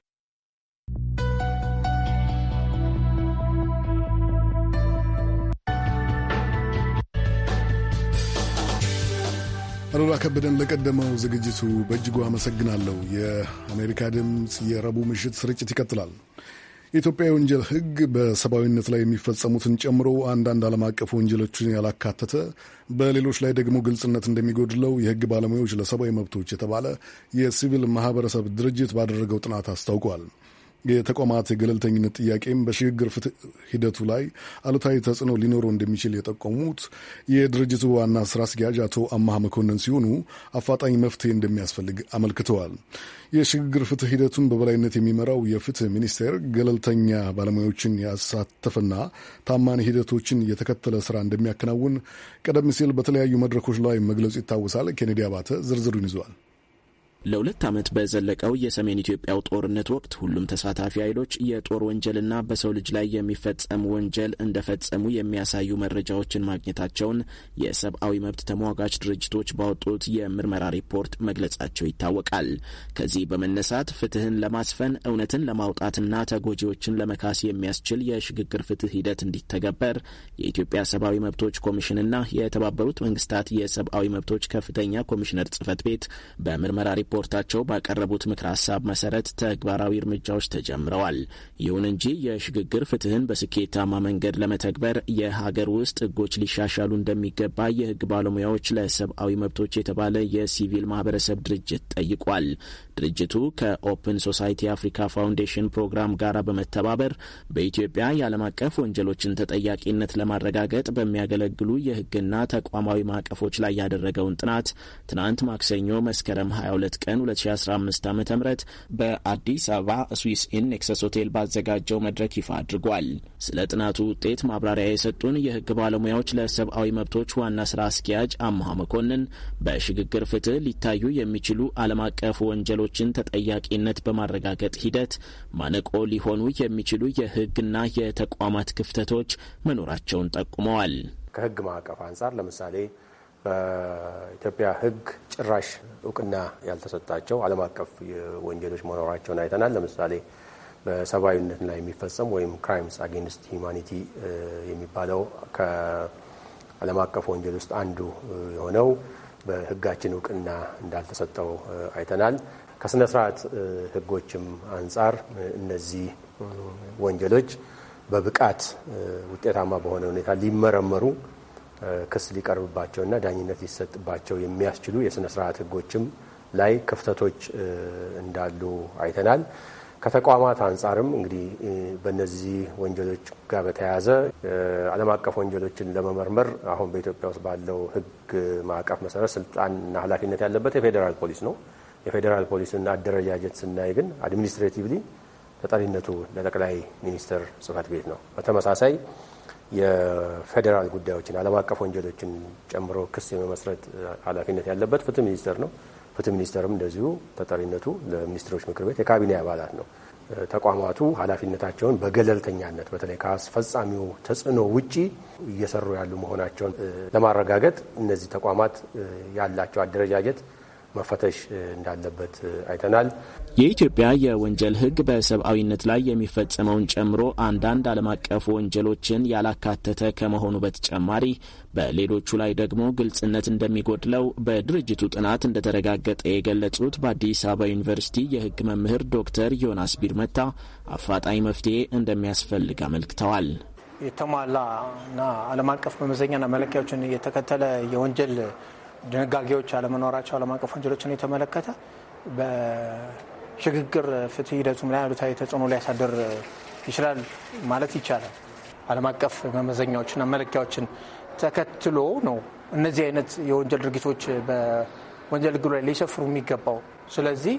አሉላ ከበደን ለቀደመው ዝግጅቱ በእጅጉ አመሰግናለሁ። የአሜሪካ ድምፅ የረቡዕ ምሽት ስርጭት ይቀጥላል። የኢትዮጵያ የወንጀል ሕግ በሰብአዊነት ላይ የሚፈጸሙትን ጨምሮ አንዳንድ ዓለም አቀፍ ወንጀሎችን ያላካተተ በሌሎች ላይ ደግሞ ግልጽነት እንደሚጎድለው የሕግ ባለሙያዎች ለሰብአዊ መብቶች የተባለ የሲቪል ማህበረሰብ ድርጅት ባደረገው ጥናት አስታውቋል። የተቋማት የገለልተኝነት ጥያቄም በሽግግር ፍትህ ሂደቱ ላይ አሉታዊ ተጽዕኖ ሊኖረው እንደሚችል የጠቆሙት የድርጅቱ ዋና ስራ አስኪያጅ አቶ አማሃ መኮንን ሲሆኑ አፋጣኝ መፍትሄ እንደሚያስፈልግ አመልክተዋል። የሽግግር ፍትህ ሂደቱን በበላይነት የሚመራው የፍትህ ሚኒስቴር ገለልተኛ ባለሙያዎችን ያሳተፈና ታማኝ ሂደቶችን የተከተለ ስራ እንደሚያከናውን ቀደም ሲል በተለያዩ መድረኮች ላይ መግለጹ ይታወሳል። ኬኔዲ አባተ ዝርዝሩን ይዟል። ለሁለት ዓመት በዘለቀው የሰሜን ኢትዮጵያው ጦርነት ወቅት ሁሉም ተሳታፊ ኃይሎች የጦር ወንጀልና በሰው ልጅ ላይ የሚፈጸም ወንጀል እንደፈጸሙ የሚያሳዩ መረጃዎችን ማግኘታቸውን የሰብአዊ መብት ተሟጋች ድርጅቶች ባወጡት የምርመራ ሪፖርት መግለጻቸው ይታወቃል። ከዚህ በመነሳት ፍትህን ለማስፈን እውነትን ለማውጣትና ተጎጂዎችን ለመካስ የሚያስችል የሽግግር ፍትህ ሂደት እንዲተገበር የኢትዮጵያ ሰብአዊ መብቶች ኮሚሽንና የተባበሩት መንግስታት የሰብአዊ መብቶች ከፍተኛ ኮሚሽነር ጽህፈት ቤት በምርመራ ሪፖርታቸው ባቀረቡት ምክር ሀሳብ መሰረት ተግባራዊ እርምጃዎች ተጀምረዋል። ይሁን እንጂ የሽግግር ፍትህን በስኬታማ መንገድ ለመተግበር የሀገር ውስጥ ህጎች ሊሻሻሉ እንደሚገባ የህግ ባለሙያዎች ለሰብአዊ መብቶች የተባለ የሲቪል ማህበረሰብ ድርጅት ጠይቋል። ድርጅቱ ከኦፕን ሶሳይቲ አፍሪካ ፋውንዴሽን ፕሮግራም ጋር በመተባበር በኢትዮጵያ የዓለም አቀፍ ወንጀሎችን ተጠያቂነት ለማረጋገጥ በሚያገለግሉ የህግና ተቋማዊ ማዕቀፎች ላይ ያደረገውን ጥናት ትናንት ማክሰኞ መስከረም 22 ቀን 2015 ዓ ም በአዲስ አበባ ስዊስ ኢን ኔክሰስ ሆቴል ባዘጋጀው መድረክ ይፋ አድርጓል። ስለ ጥናቱ ውጤት ማብራሪያ የሰጡን የህግ ባለሙያዎች ለሰብአዊ መብቶች ዋና ስራ አስኪያጅ አምሃ መኮንን በሽግግር ፍትህ ሊታዩ የሚችሉ ዓለም አቀፍ ወንጀሎችን ተጠያቂነት በማረጋገጥ ሂደት ማነቆ ሊሆኑ የሚችሉ የህግና የተቋማት ክፍተቶች መኖራቸውን ጠቁመዋል። ከህግ ማዕቀፍ አንጻር ለምሳሌ በኢትዮጵያ ሕግ ጭራሽ እውቅና ያልተሰጣቸው ዓለም አቀፍ ወንጀሎች መኖራቸውን አይተናል። ለምሳሌ በሰብአዊነት ላይ የሚፈጸም ወይም ክራይምስ አጌንስት ሂውማኒቲ የሚባለው ከዓለም አቀፍ ወንጀል ውስጥ አንዱ የሆነው በሕጋችን እውቅና እንዳልተሰጠው አይተናል። ከስነ ስርዓት ሕጎችም አንጻር እነዚህ ወንጀሎች በብቃት ውጤታማ በሆነ ሁኔታ ሊመረመሩ ክስ ሊቀርብባቸውና ዳኝነት ሊሰጥባቸው የሚያስችሉ የስነ ስርዓት ህጎችም ላይ ክፍተቶች እንዳሉ አይተናል። ከተቋማት አንጻርም እንግዲህ በእነዚህ ወንጀሎች ጋር በተያያዘ ዓለም አቀፍ ወንጀሎችን ለመመርመር አሁን በኢትዮጵያ ውስጥ ባለው ህግ ማዕቀፍ መሰረት ስልጣንና ኃላፊነት ያለበት የፌዴራል ፖሊስ ነው። የፌዴራል ፖሊስን አደረጃጀት ስናይ ግን አድሚኒስትሬቲቭሊ ተጠሪነቱ ለጠቅላይ ሚኒስትር ጽህፈት ቤት ነው። በተመሳሳይ የፌዴራል ጉዳዮችን ዓለም አቀፍ ወንጀሎችን ጨምሮ ክስ የመመስረት ኃላፊነት ያለበት ፍትህ ሚኒስቴር ነው። ፍትህ ሚኒስቴርም እንደዚሁ ተጠሪነቱ ለሚኒስትሮች ምክር ቤት የካቢኔ አባላት ነው። ተቋማቱ ኃላፊነታቸውን በገለልተኛነት በተለይ ከአስፈጻሚው ተጽዕኖ ውጪ እየሰሩ ያሉ መሆናቸውን ለማረጋገጥ እነዚህ ተቋማት ያላቸው አደረጃጀት መፈተሽ እንዳለበት አይተናል። የኢትዮጵያ የወንጀል ሕግ በሰብአዊነት ላይ የሚፈጸመውን ጨምሮ አንዳንድ ዓለም አቀፍ ወንጀሎችን ያላካተተ ከመሆኑ በተጨማሪ በሌሎቹ ላይ ደግሞ ግልጽነት እንደሚጎድለው በድርጅቱ ጥናት እንደተረጋገጠ የገለጹት በአዲስ አበባ ዩኒቨርሲቲ የሕግ መምህር ዶክተር ዮናስ ቢርመታ አፋጣኝ መፍትሄ እንደሚያስፈልግ አመልክተዋል። የተሟላ እና ዓለም አቀፍ መመዘኛና መለኪያዎችን የተከተለ የወንጀል ድንጋጌዎች አለመኖራቸው ዓለም አቀፍ ወንጀሎችን የተመለከተ በሽግግር ፍትህ ሂደቱም ላይ አሉታዊ ተጽዕኖ ሊያሳድር ይችላል ማለት ይቻላል። ዓለም አቀፍ መመዘኛዎችና መለኪያዎችን ተከትሎ ነው እነዚህ አይነት የወንጀል ድርጊቶች በወንጀል ህግ ላይ ሊሰፍሩ የሚገባው። ስለዚህ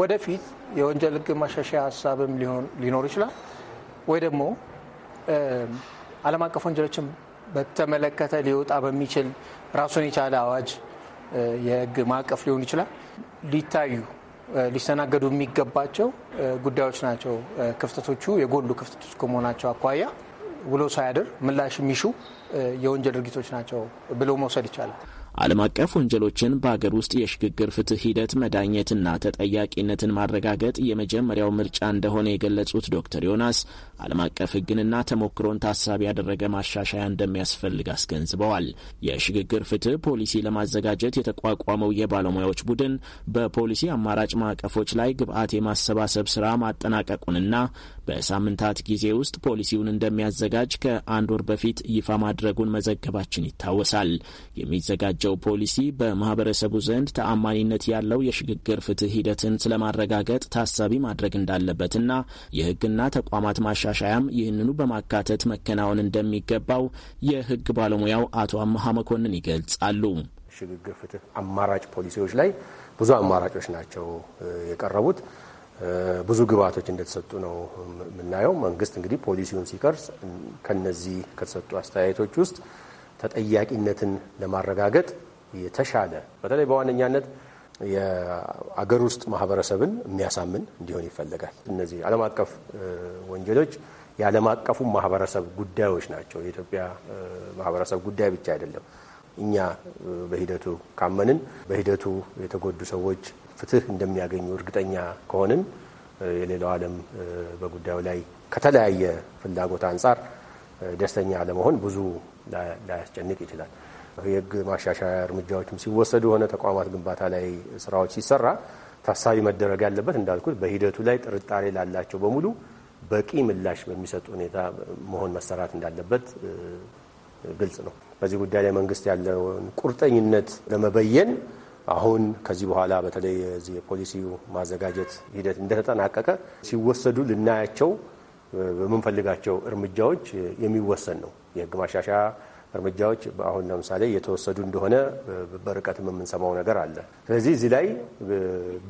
ወደፊት የወንጀል ህግ ማሻሻያ ሀሳብም ሊኖር ይችላል ወይ ደግሞ ዓለም አቀፍ ወንጀሎችን በተመለከተ ሊወጣ በሚችል ራሱን የቻለ አዋጅ የህግ ማዕቀፍ ሊሆን ይችላል ሊታዩ ሊስተናገዱ የሚገባቸው ጉዳዮች ናቸው። ክፍተቶቹ የጎሉ ክፍተቶች ከመሆናቸው አኳያ ውሎ ሳያድር ምላሽ የሚሹ የወንጀል ድርጊቶች ናቸው ብሎ መውሰድ ይቻላል። ዓለም አቀፍ ወንጀሎችን በአገር ውስጥ የሽግግር ፍትህ ሂደት መዳኘትና ተጠያቂነትን ማረጋገጥ የመጀመሪያው ምርጫ እንደሆነ የገለጹት ዶክተር ዮናስ ዓለም አቀፍ ሕግንና ተሞክሮን ታሳቢ ያደረገ ማሻሻያ እንደሚያስፈልግ አስገንዝበዋል። የሽግግር ፍትህ ፖሊሲ ለማዘጋጀት የተቋቋመው የባለሙያዎች ቡድን በፖሊሲ አማራጭ ማዕቀፎች ላይ ግብዓት የማሰባሰብ ስራ ማጠናቀቁንና በሳምንታት ጊዜ ውስጥ ፖሊሲውን እንደሚያዘጋጅ ከአንድ ወር በፊት ይፋ ማድረጉን መዘገባችን ይታወሳል። የሚዘጋጀው ፖሊሲ በማህበረሰቡ ዘንድ ተአማኒነት ያለው የሽግግር ፍትህ ሂደትን ስለማረጋገጥ ታሳቢ ማድረግ እንዳለበትና የህግና ተቋማት ማሻሻያም ይህንኑ በማካተት መከናወን እንደሚገባው የህግ ባለሙያው አቶ አመሀ መኮንን ይገልጻሉ። ሽግግር ፍትህ አማራጭ ፖሊሲዎች ላይ ብዙ አማራጮች ናቸው የቀረቡት። ብዙ ግብዓቶች እንደተሰጡ ነው የምናየው። መንግስት እንግዲህ ፖሊሲውን ሲቀርጽ ከነዚህ ከተሰጡ አስተያየቶች ውስጥ ተጠያቂነትን ለማረጋገጥ የተሻለ በተለይ በዋነኛነት የአገር ውስጥ ማህበረሰብን የሚያሳምን እንዲሆን ይፈለጋል። እነዚህ ዓለም አቀፍ ወንጀሎች የዓለም አቀፉ ማህበረሰብ ጉዳዮች ናቸው። የኢትዮጵያ ማህበረሰብ ጉዳይ ብቻ አይደለም። እኛ በሂደቱ ካመንን በሂደቱ የተጎዱ ሰዎች ፍትህ እንደሚያገኙ እርግጠኛ ከሆንን የሌላው ዓለም በጉዳዩ ላይ ከተለያየ ፍላጎት አንጻር ደስተኛ ለመሆን ብዙ ላያስጨንቅ ይችላል። የህግ ማሻሻያ እርምጃዎችም ሲወሰዱ የሆነ ተቋማት ግንባታ ላይ ስራዎች ሲሰራ ታሳቢ መደረግ ያለበት እንዳልኩት በሂደቱ ላይ ጥርጣሬ ላላቸው በሙሉ በቂ ምላሽ በሚሰጥ ሁኔታ መሆን መሰራት እንዳለበት ግልጽ ነው። በዚህ ጉዳይ ላይ መንግስት ያለውን ቁርጠኝነት ለመበየን አሁን ከዚህ በኋላ በተለይ የፖሊሲ ማዘጋጀት ሂደት እንደተጠናቀቀ ሲወሰዱ ልናያቸው በምንፈልጋቸው እርምጃዎች የሚወሰን ነው። የህግ ማሻሻያ እርምጃዎች አሁን ለምሳሌ የተወሰዱ እንደሆነ በርቀት የምንሰማው ነገር አለ። ስለዚህ እዚህ ላይ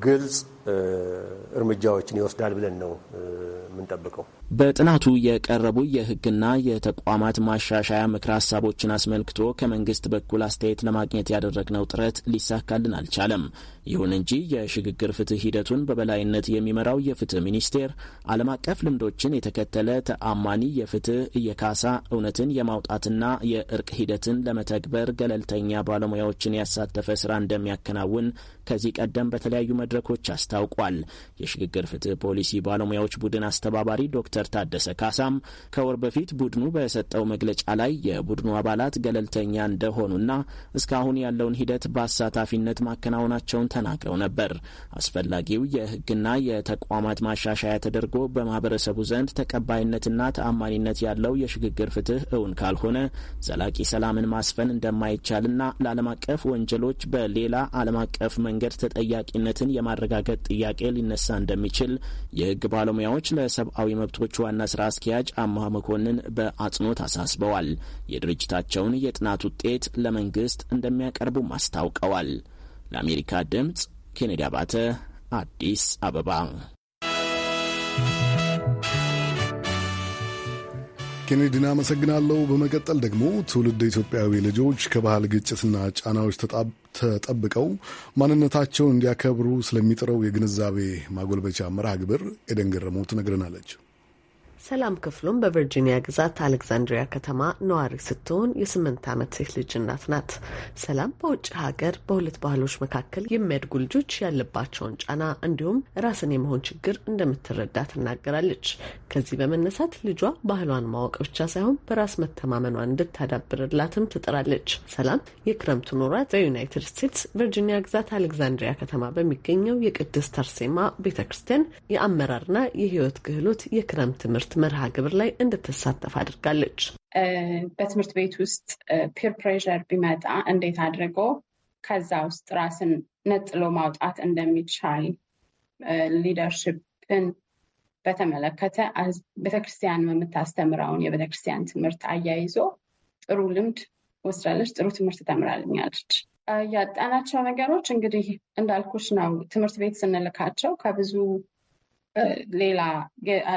ግልጽ እርምጃዎችን ይወስዳል ብለን ነው የምንጠብቀው። በጥናቱ የቀረቡ የሕግና የተቋማት ማሻሻያ ምክረ ሀሳቦችን አስመልክቶ ከመንግስት በኩል አስተያየት ለማግኘት ያደረግነው ጥረት ሊሳካልን አልቻለም። ይሁን እንጂ የሽግግር ፍትህ ሂደቱን በበላይነት የሚመራው የፍትህ ሚኒስቴር ዓለም አቀፍ ልምዶችን የተከተለ ተአማኒ የፍትህ የካሳ እውነትን የማውጣትና የእርቅ ሂደትን ለመተግበር ገለልተኛ ባለሙያዎችን ያሳተፈ ስራ እንደሚያከናውን ከዚህ ቀደም በተለያዩ መድረኮች አስታ አስታውቋል። የሽግግር ፍትህ ፖሊሲ ባለሙያዎች ቡድን አስተባባሪ ዶክተር ታደሰ ካሳም ከወር በፊት ቡድኑ በሰጠው መግለጫ ላይ የቡድኑ አባላት ገለልተኛ እንደሆኑና እስካሁን ያለውን ሂደት በአሳታፊነት ማከናወናቸውን ተናግረው ነበር። አስፈላጊው የህግና የተቋማት ማሻሻያ ተደርጎ በማህበረሰቡ ዘንድ ተቀባይነትና ተአማኒነት ያለው የሽግግር ፍትህ እውን ካልሆነ ዘላቂ ሰላምን ማስፈን እንደማይቻልና ለዓለም አቀፍ ወንጀሎች በሌላ ዓለም አቀፍ መንገድ ተጠያቂነትን የማረጋገጥ ጥያቄ ሊነሳ እንደሚችል የህግ ባለሙያዎች ለሰብአዊ መብቶች ዋና ስራ አስኪያጅ አማሀ መኮንን በአጽንኦት አሳስበዋል። የድርጅታቸውን የጥናት ውጤት ለመንግስት እንደሚያቀርቡም አስታውቀዋል። ለአሜሪካ ድምጽ ኬኔዲ አባተ አዲስ አበባ ኬኔዲን አመሰግናለሁ። በመቀጠል ደግሞ ትውልድ ኢትዮጵያዊ ልጆች ከባህል ግጭትና ጫናዎች ተጠብቀው ማንነታቸውን እንዲያከብሩ ስለሚጥረው የግንዛቤ ማጎልበቻ መርሃ ግብር ኤደን ገረመው ትነግረናለች። ሰላም ክፍሉም በቨርጂኒያ ግዛት አሌክዛንድሪያ ከተማ ነዋሪ ስትሆን የስምንት ዓመት ሴት ልጅ እናት ናት። ሰላም በውጭ ሀገር በሁለት ባህሎች መካከል የሚያድጉ ልጆች ያለባቸውን ጫና እንዲሁም ራስን የመሆን ችግር እንደምትረዳ ትናገራለች። ከዚህ በመነሳት ልጇ ባህሏን ማወቅ ብቻ ሳይሆን በራስ መተማመኗን እንድታዳብርላትም ትጥራለች። ሰላም የክረምቱ ኖራት በዩናይትድ ስቴትስ ቨርጂኒያ ግዛት አሌክዛንድሪያ ከተማ በሚገኘው የቅድስት አርሴማ ቤተ ክርስቲያን የአመራርና የህይወት ክህሎት የክረምት ትምህርት መርሃ ግብር ላይ እንድትሳተፍ አድርጋለች። በትምህርት ቤት ውስጥ ፒር ፕሬዠር ቢመጣ እንዴት አድርጎ ከዛ ውስጥ ራስን ነጥሎ ማውጣት እንደሚቻል ሊደርሽፕን በተመለከተ ቤተክርስቲያን የምታስተምረውን የቤተክርስቲያን ትምህርት አያይዞ ጥሩ ልምድ ወስዳለች። ጥሩ ትምህርት ተምራልኛለች። ያጣናቸው ነገሮች እንግዲህ እንዳልኩሽ ነው። ትምህርት ቤት ስንልካቸው ከብዙ ሌላ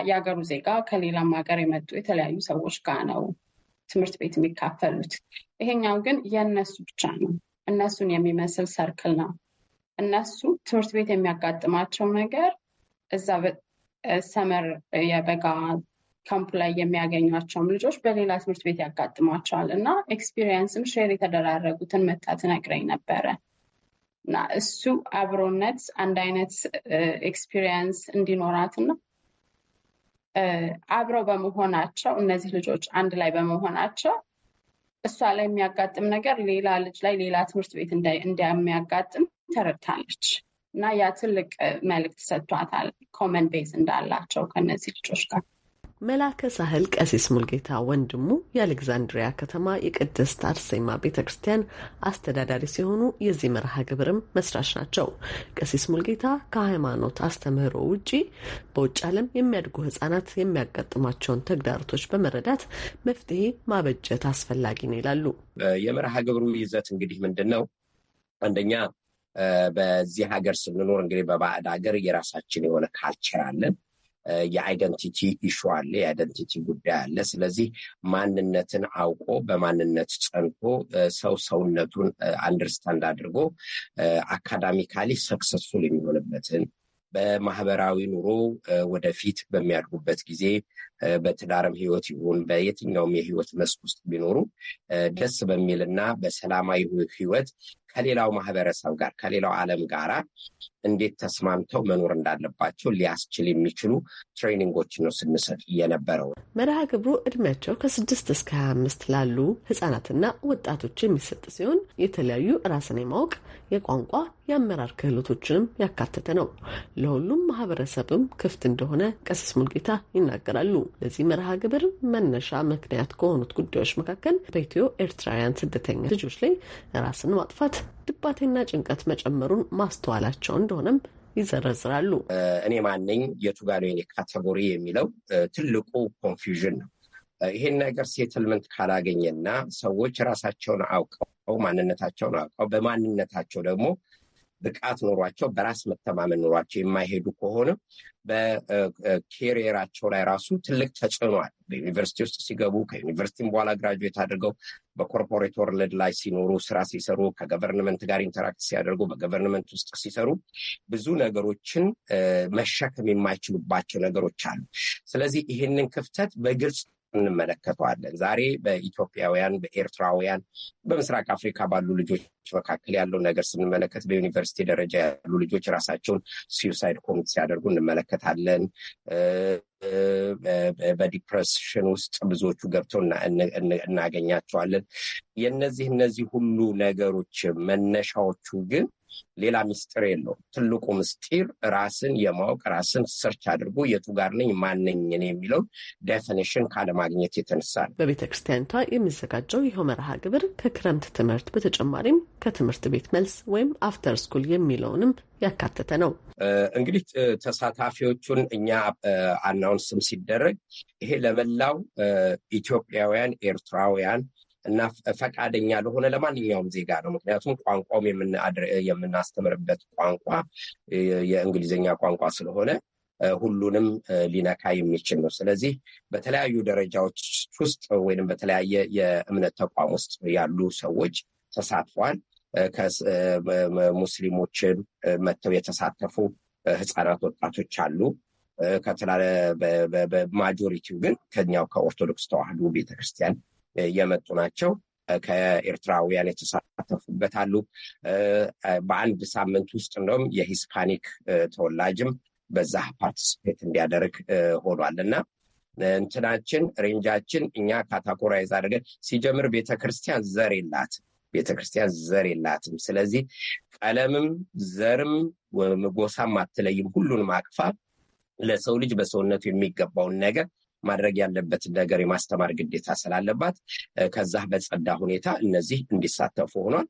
የሀገሩ ዜጋ ከሌላም ሀገር የመጡ የተለያዩ ሰዎች ጋር ነው ትምህርት ቤት የሚካፈሉት። ይሄኛው ግን የእነሱ ብቻ ነው። እነሱን የሚመስል ሰርክል ነው። እነሱ ትምህርት ቤት የሚያጋጥማቸው ነገር እዛ ሰመር የበጋ ካምፕ ላይ የሚያገኟቸውም ልጆች በሌላ ትምህርት ቤት ያጋጥሟቸዋል እና ኤክስፒሪየንስም ሼር የተደራረጉትን መታ ትነግረኝ ነበረ እና እሱ አብሮነት አንድ አይነት ኤክስፒሪየንስ እንዲኖራት ነው። አብረው በመሆናቸው እነዚህ ልጆች አንድ ላይ በመሆናቸው እሷ ላይ የሚያጋጥም ነገር ሌላ ልጅ ላይ ሌላ ትምህርት ቤት እንደሚያጋጥም ተረድታለች እና ያ ትልቅ መልእክት ሰጥቷታል። ኮመን ቤዝ እንዳላቸው ከነዚህ ልጆች ጋር መላከ ሳህል ቀሲስ ሙልጌታ ወንድሙ የአሌግዛንድሪያ ከተማ የቅድስት አርሴማ ቤተ ክርስቲያን አስተዳዳሪ ሲሆኑ የዚህ መርሃ ግብርም መስራች ናቸው። ቀሲስ ሙልጌታ ከሃይማኖት አስተምህሮ ውጪ በውጭ ዓለም የሚያድጉ ህጻናት የሚያጋጥሟቸውን ተግዳሮቶች በመረዳት መፍትሄ ማበጀት አስፈላጊ ነው ይላሉ። የመርሃ ግብሩ ይዘት እንግዲህ ምንድን ነው? አንደኛ በዚህ ሀገር ስንኖር እንግዲህ በባዕድ ሀገር የራሳችን የሆነ ካልቸር አለን የአይደንቲቲ ኢሹ አለ፣ የአይደንቲቲ ጉዳይ አለ። ስለዚህ ማንነትን አውቆ በማንነት ጸንቶ ሰው ሰውነቱን አንደርስታንድ አድርጎ አካዳሚካሊ ሰክሰስፉል የሚሆንበትን በማህበራዊ ኑሮ ወደፊት በሚያድጉበት ጊዜ በትዳርም ህይወት ይሁን በየትኛውም የህይወት መስክ ውስጥ ቢኖሩ ደስ በሚልና በሰላማዊ ህይወት ከሌላው ማህበረሰብ ጋር ከሌላው ዓለም ጋር እንዴት ተስማምተው መኖር እንዳለባቸው ሊያስችል የሚችሉ ትሬኒንጎችን ነው ስንሰጥ የነበረው። መርሃ ግብሩ እድሜያቸው ከስድስት እስከ ሀያ አምስት ላሉ ህጻናትና ወጣቶች የሚሰጥ ሲሆን የተለያዩ ራስን የማወቅ የቋንቋ የአመራር ክህሎቶችንም ያካተተ ነው። ለሁሉም ማህበረሰብም ክፍት እንደሆነ ቀሲስ ሙልጌታ ይናገራሉ። ለዚህ መርሃ ግብር መነሻ ምክንያት ከሆኑት ጉዳዮች መካከል በኢትዮ ኤርትራውያን ስደተኛ ልጆች ላይ ራስን ማጥፋት ድባቴና ጭንቀት መጨመሩን ማስተዋላቸው እንደሆነም ይዘረዝራሉ። እኔ ማነኝ የቱ ጋር ነው የኔ ካቴጎሪ የሚለው ትልቁ ኮንፊውዥን ነው። ይሄን ነገር ሴትልመንት ካላገኘና ሰዎች ራሳቸውን አውቀው ማንነታቸውን አውቀው በማንነታቸው ደግሞ ብቃት ኖሯቸው በራስ መተማመን ኖሯቸው የማይሄዱ ከሆነ በኬሪየራቸው ላይ ራሱ ትልቅ ተጽዕኗል። በዩኒቨርሲቲ ውስጥ ሲገቡ ከዩኒቨርሲቲም በኋላ ግራጁዌት አድርገው በኮርፖሬት ወርልድ ላይ ሲኖሩ ስራ ሲሰሩ ከገቨርንመንት ጋር ኢንተራክት ሲያደርጉ በገቨርንመንት ውስጥ ሲሰሩ ብዙ ነገሮችን መሸከም የማይችሉባቸው ነገሮች አሉ። ስለዚህ ይህንን ክፍተት በግልጽ እንመለከተዋለን። ዛሬ በኢትዮጵያውያን፣ በኤርትራውያን፣ በምስራቅ አፍሪካ ባሉ ልጆች መካከል ያለው ነገር ስንመለከት በዩኒቨርሲቲ ደረጃ ያሉ ልጆች ራሳቸውን ሲዩሳይድ ኮሚት ሲያደርጉ እንመለከታለን። በዲፕሬሽን ውስጥ ብዙዎቹ ገብተው እናገኛቸዋለን። የነዚህ እነዚህ ሁሉ ነገሮች መነሻዎቹ ግን ሌላ ምስጢር የለውም። ትልቁ ምስጢር ራስን የማወቅ ራስን ሰርች አድርጎ የቱ ጋር ነኝ ማነኝን የሚለው ዴፊኒሽን ካለማግኘት የተነሳ ነው። በቤተ ክርስቲያኒቷ የሚዘጋጀው ይኸው መርሃ ግብር ከክረምት ትምህርት በተጨማሪም ከትምህርት ቤት መልስ ወይም አፍተር ስኩል የሚለውንም ያካተተ ነው። እንግዲህ ተሳታፊዎቹን እኛ አናውንስም ሲደረግ ይሄ ለመላው ኢትዮጵያውያን ኤርትራውያን እና ፈቃደኛ ለሆነ ለማንኛውም ዜጋ ነው። ምክንያቱም ቋንቋውም የምናስተምርበት ቋንቋ የእንግሊዝኛ ቋንቋ ስለሆነ ሁሉንም ሊነካ የሚችል ነው። ስለዚህ በተለያዩ ደረጃዎች ውስጥ ወይም በተለያየ የእምነት ተቋም ውስጥ ያሉ ሰዎች ተሳትፏል። ከሙስሊሞችን መጥተው የተሳተፉ ህፃናት፣ ወጣቶች አሉ። ከትላለ በማጆሪቲው ግን ከኛው ከኦርቶዶክስ ተዋህዶ ቤተክርስቲያን የመጡ ናቸው። ከኤርትራውያን የተሳተፉበት አሉ። በአንድ ሳምንት ውስጥ እንደውም የሂስፓኒክ ተወላጅም በዛ ፓርቲስፔት እንዲያደርግ ሆኗል እና እንትናችን ሬንጃችን እኛ ካታኮራ አድርገን ሲጀምር ቤተክርስቲያን ዘር የላትም። ቤተክርስቲያን ዘር የላትም። ስለዚህ ቀለምም ዘርም ጎሳም አትለይም። ሁሉንም አቅፋ ለሰው ልጅ በሰውነቱ የሚገባውን ነገር ማድረግ ያለበትን ነገር የማስተማር ግዴታ ስላለባት ከዛ በጸዳ ሁኔታ እነዚህ እንዲሳተፉ ሆኗል።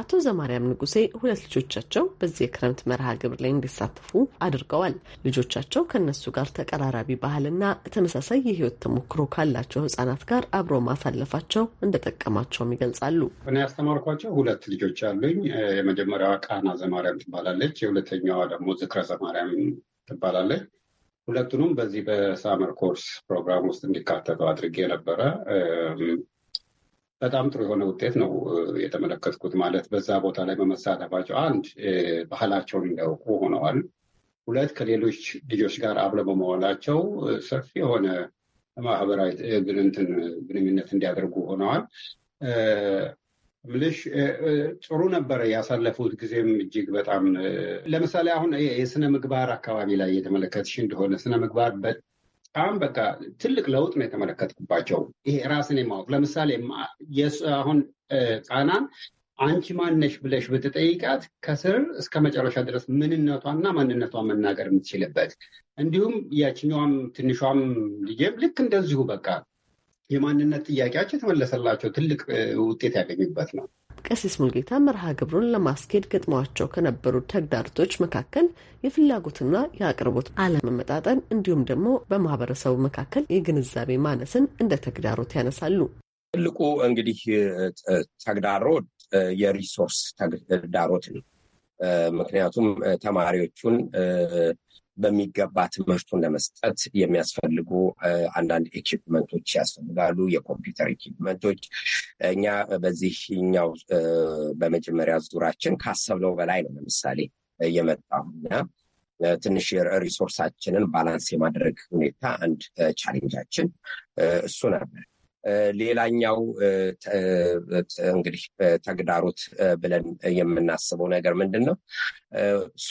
አቶ ዘማርያም ንጉሴ ሁለት ልጆቻቸው በዚህ የክረምት መርሃ ግብር ላይ እንዲሳተፉ አድርገዋል። ልጆቻቸው ከእነሱ ጋር ተቀራራቢ ባህልና ተመሳሳይ የህይወት ተሞክሮ ካላቸው ህጻናት ጋር አብሮ ማሳለፋቸው እንደጠቀማቸውም ይገልጻሉ። እኔ ያስተማርኳቸው ሁለት ልጆች አሉኝ። የመጀመሪያዋ ቃና ዘማርያም ትባላለች። የሁለተኛዋ ደግሞ ዝክረ ዘማርያም ትባላለች። ሁለቱንም በዚህ በሳመር ኮርስ ፕሮግራም ውስጥ እንዲካተቱ አድርጌ ነበረ። በጣም ጥሩ የሆነ ውጤት ነው የተመለከትኩት። ማለት በዛ ቦታ ላይ በመሳተፋቸው አንድ ባህላቸውን እንዲያውቁ ሆነዋል። ሁለት ከሌሎች ልጆች ጋር አብረ በመዋላቸው ሰፊ የሆነ ማህበራዊ ግንኙነት እንዲያደርጉ ሆነዋል። ምልሽ ጥሩ ነበረ ያሳለፉት ጊዜም እጅግ በጣም ለምሳሌ አሁን የስነ ምግባር አካባቢ ላይ የተመለከትሽ እንደሆነ ስነ ምግባር በጣም በቃ ትልቅ ለውጥ ነው የተመለከትኩባቸው። ይሄ ራስን የማወቅ ለምሳሌ አሁን ጣናን አንቺ ማነሽ ብለሽ ብትጠይቃት ከስር እስከ መጨረሻ ድረስ ምንነቷና ማንነቷን መናገር የምትችልበት እንዲሁም ያችኛዋም ትንሿም ልጄም ልክ እንደዚሁ በቃ የማንነት ጥያቄያቸው የተመለሰላቸው ትልቅ ውጤት ያገኙበት ነው። ቀሲስ ሙልጌታ መርሃ ግብሩን ለማስኬድ ገጥሟቸው ከነበሩ ተግዳሮቶች መካከል የፍላጎትና የአቅርቦት አለመመጣጠን እንዲሁም ደግሞ በማህበረሰቡ መካከል የግንዛቤ ማነስን እንደ ተግዳሮት ያነሳሉ። ትልቁ እንግዲህ ተግዳሮት የሪሶርስ ተግዳሮት ነው። ምክንያቱም ተማሪዎቹን በሚገባ ትምህርቱን ለመስጠት የሚያስፈልጉ አንዳንድ ኤኪፕመንቶች ያስፈልጋሉ። የኮምፒውተር ኤኪፕመንቶች እኛ በዚህኛው በመጀመሪያ ዙራችን ካሰብነው በላይ ነው። ለምሳሌ የመጣው እና ትንሽ ሪሶርሳችንን ባላንስ የማድረግ ሁኔታ አንድ ቻሌንጃችን እሱ ነበር። ሌላኛው እንግዲህ ተግዳሮት ብለን የምናስበው ነገር ምንድን ነው?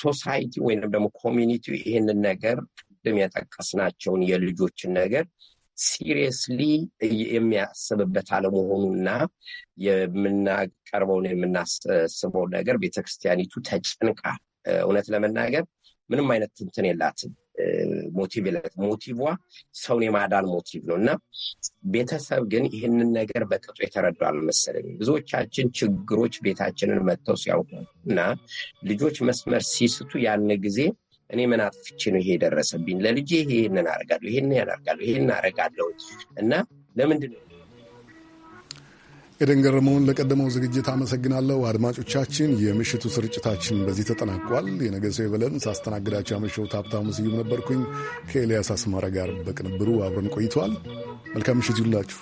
ሶሳይቲ ወይንም ደግሞ ኮሚኒቲው ይህንን ነገር ቅድም የጠቀስናቸውን የልጆችን ነገር ሲሪየስሊ የሚያስብበት አለመሆኑና የምናቀርበውን የምናስበው ነገር ቤተክርስቲያኒቱ ተጨንቃ እውነት ለመናገር ምንም አይነት ትንትን የላትም። ሞቲቭ ለት ሞቲቭዋ ሰውን የማዳን ሞቲቭ ነው እና ቤተሰብ ግን ይህንን ነገር በቅጡ የተረዱ አልመሰለኝ። ብዙዎቻችን ችግሮች ቤታችንን መጥተው ሲያውቁ እና ልጆች መስመር ሲስቱ ያን ጊዜ እኔ ምን አጥፍቼ ነው ይሄ የደረሰብኝ? ለልጄ ይሄንን አደርጋለሁ፣ ይሄንን ያደርጋለሁ፣ ይሄንን አደርጋለሁ እና ለምንድን ነው ኤደን ገረመውን ለቀደመው ዝግጅት አመሰግናለሁ። አድማጮቻችን፣ የምሽቱ ስርጭታችን በዚህ ተጠናቋል። የነገ ሰው ይበለን። ሳስተናግዳቸው ያመሸሁት ሀብታሙ ስዩም ነበርኩኝ። ከኤልያስ አስማራ ጋር በቅንብሩ አብረን ቆይተዋል። መልካም ምሽት ይሁንላችሁ።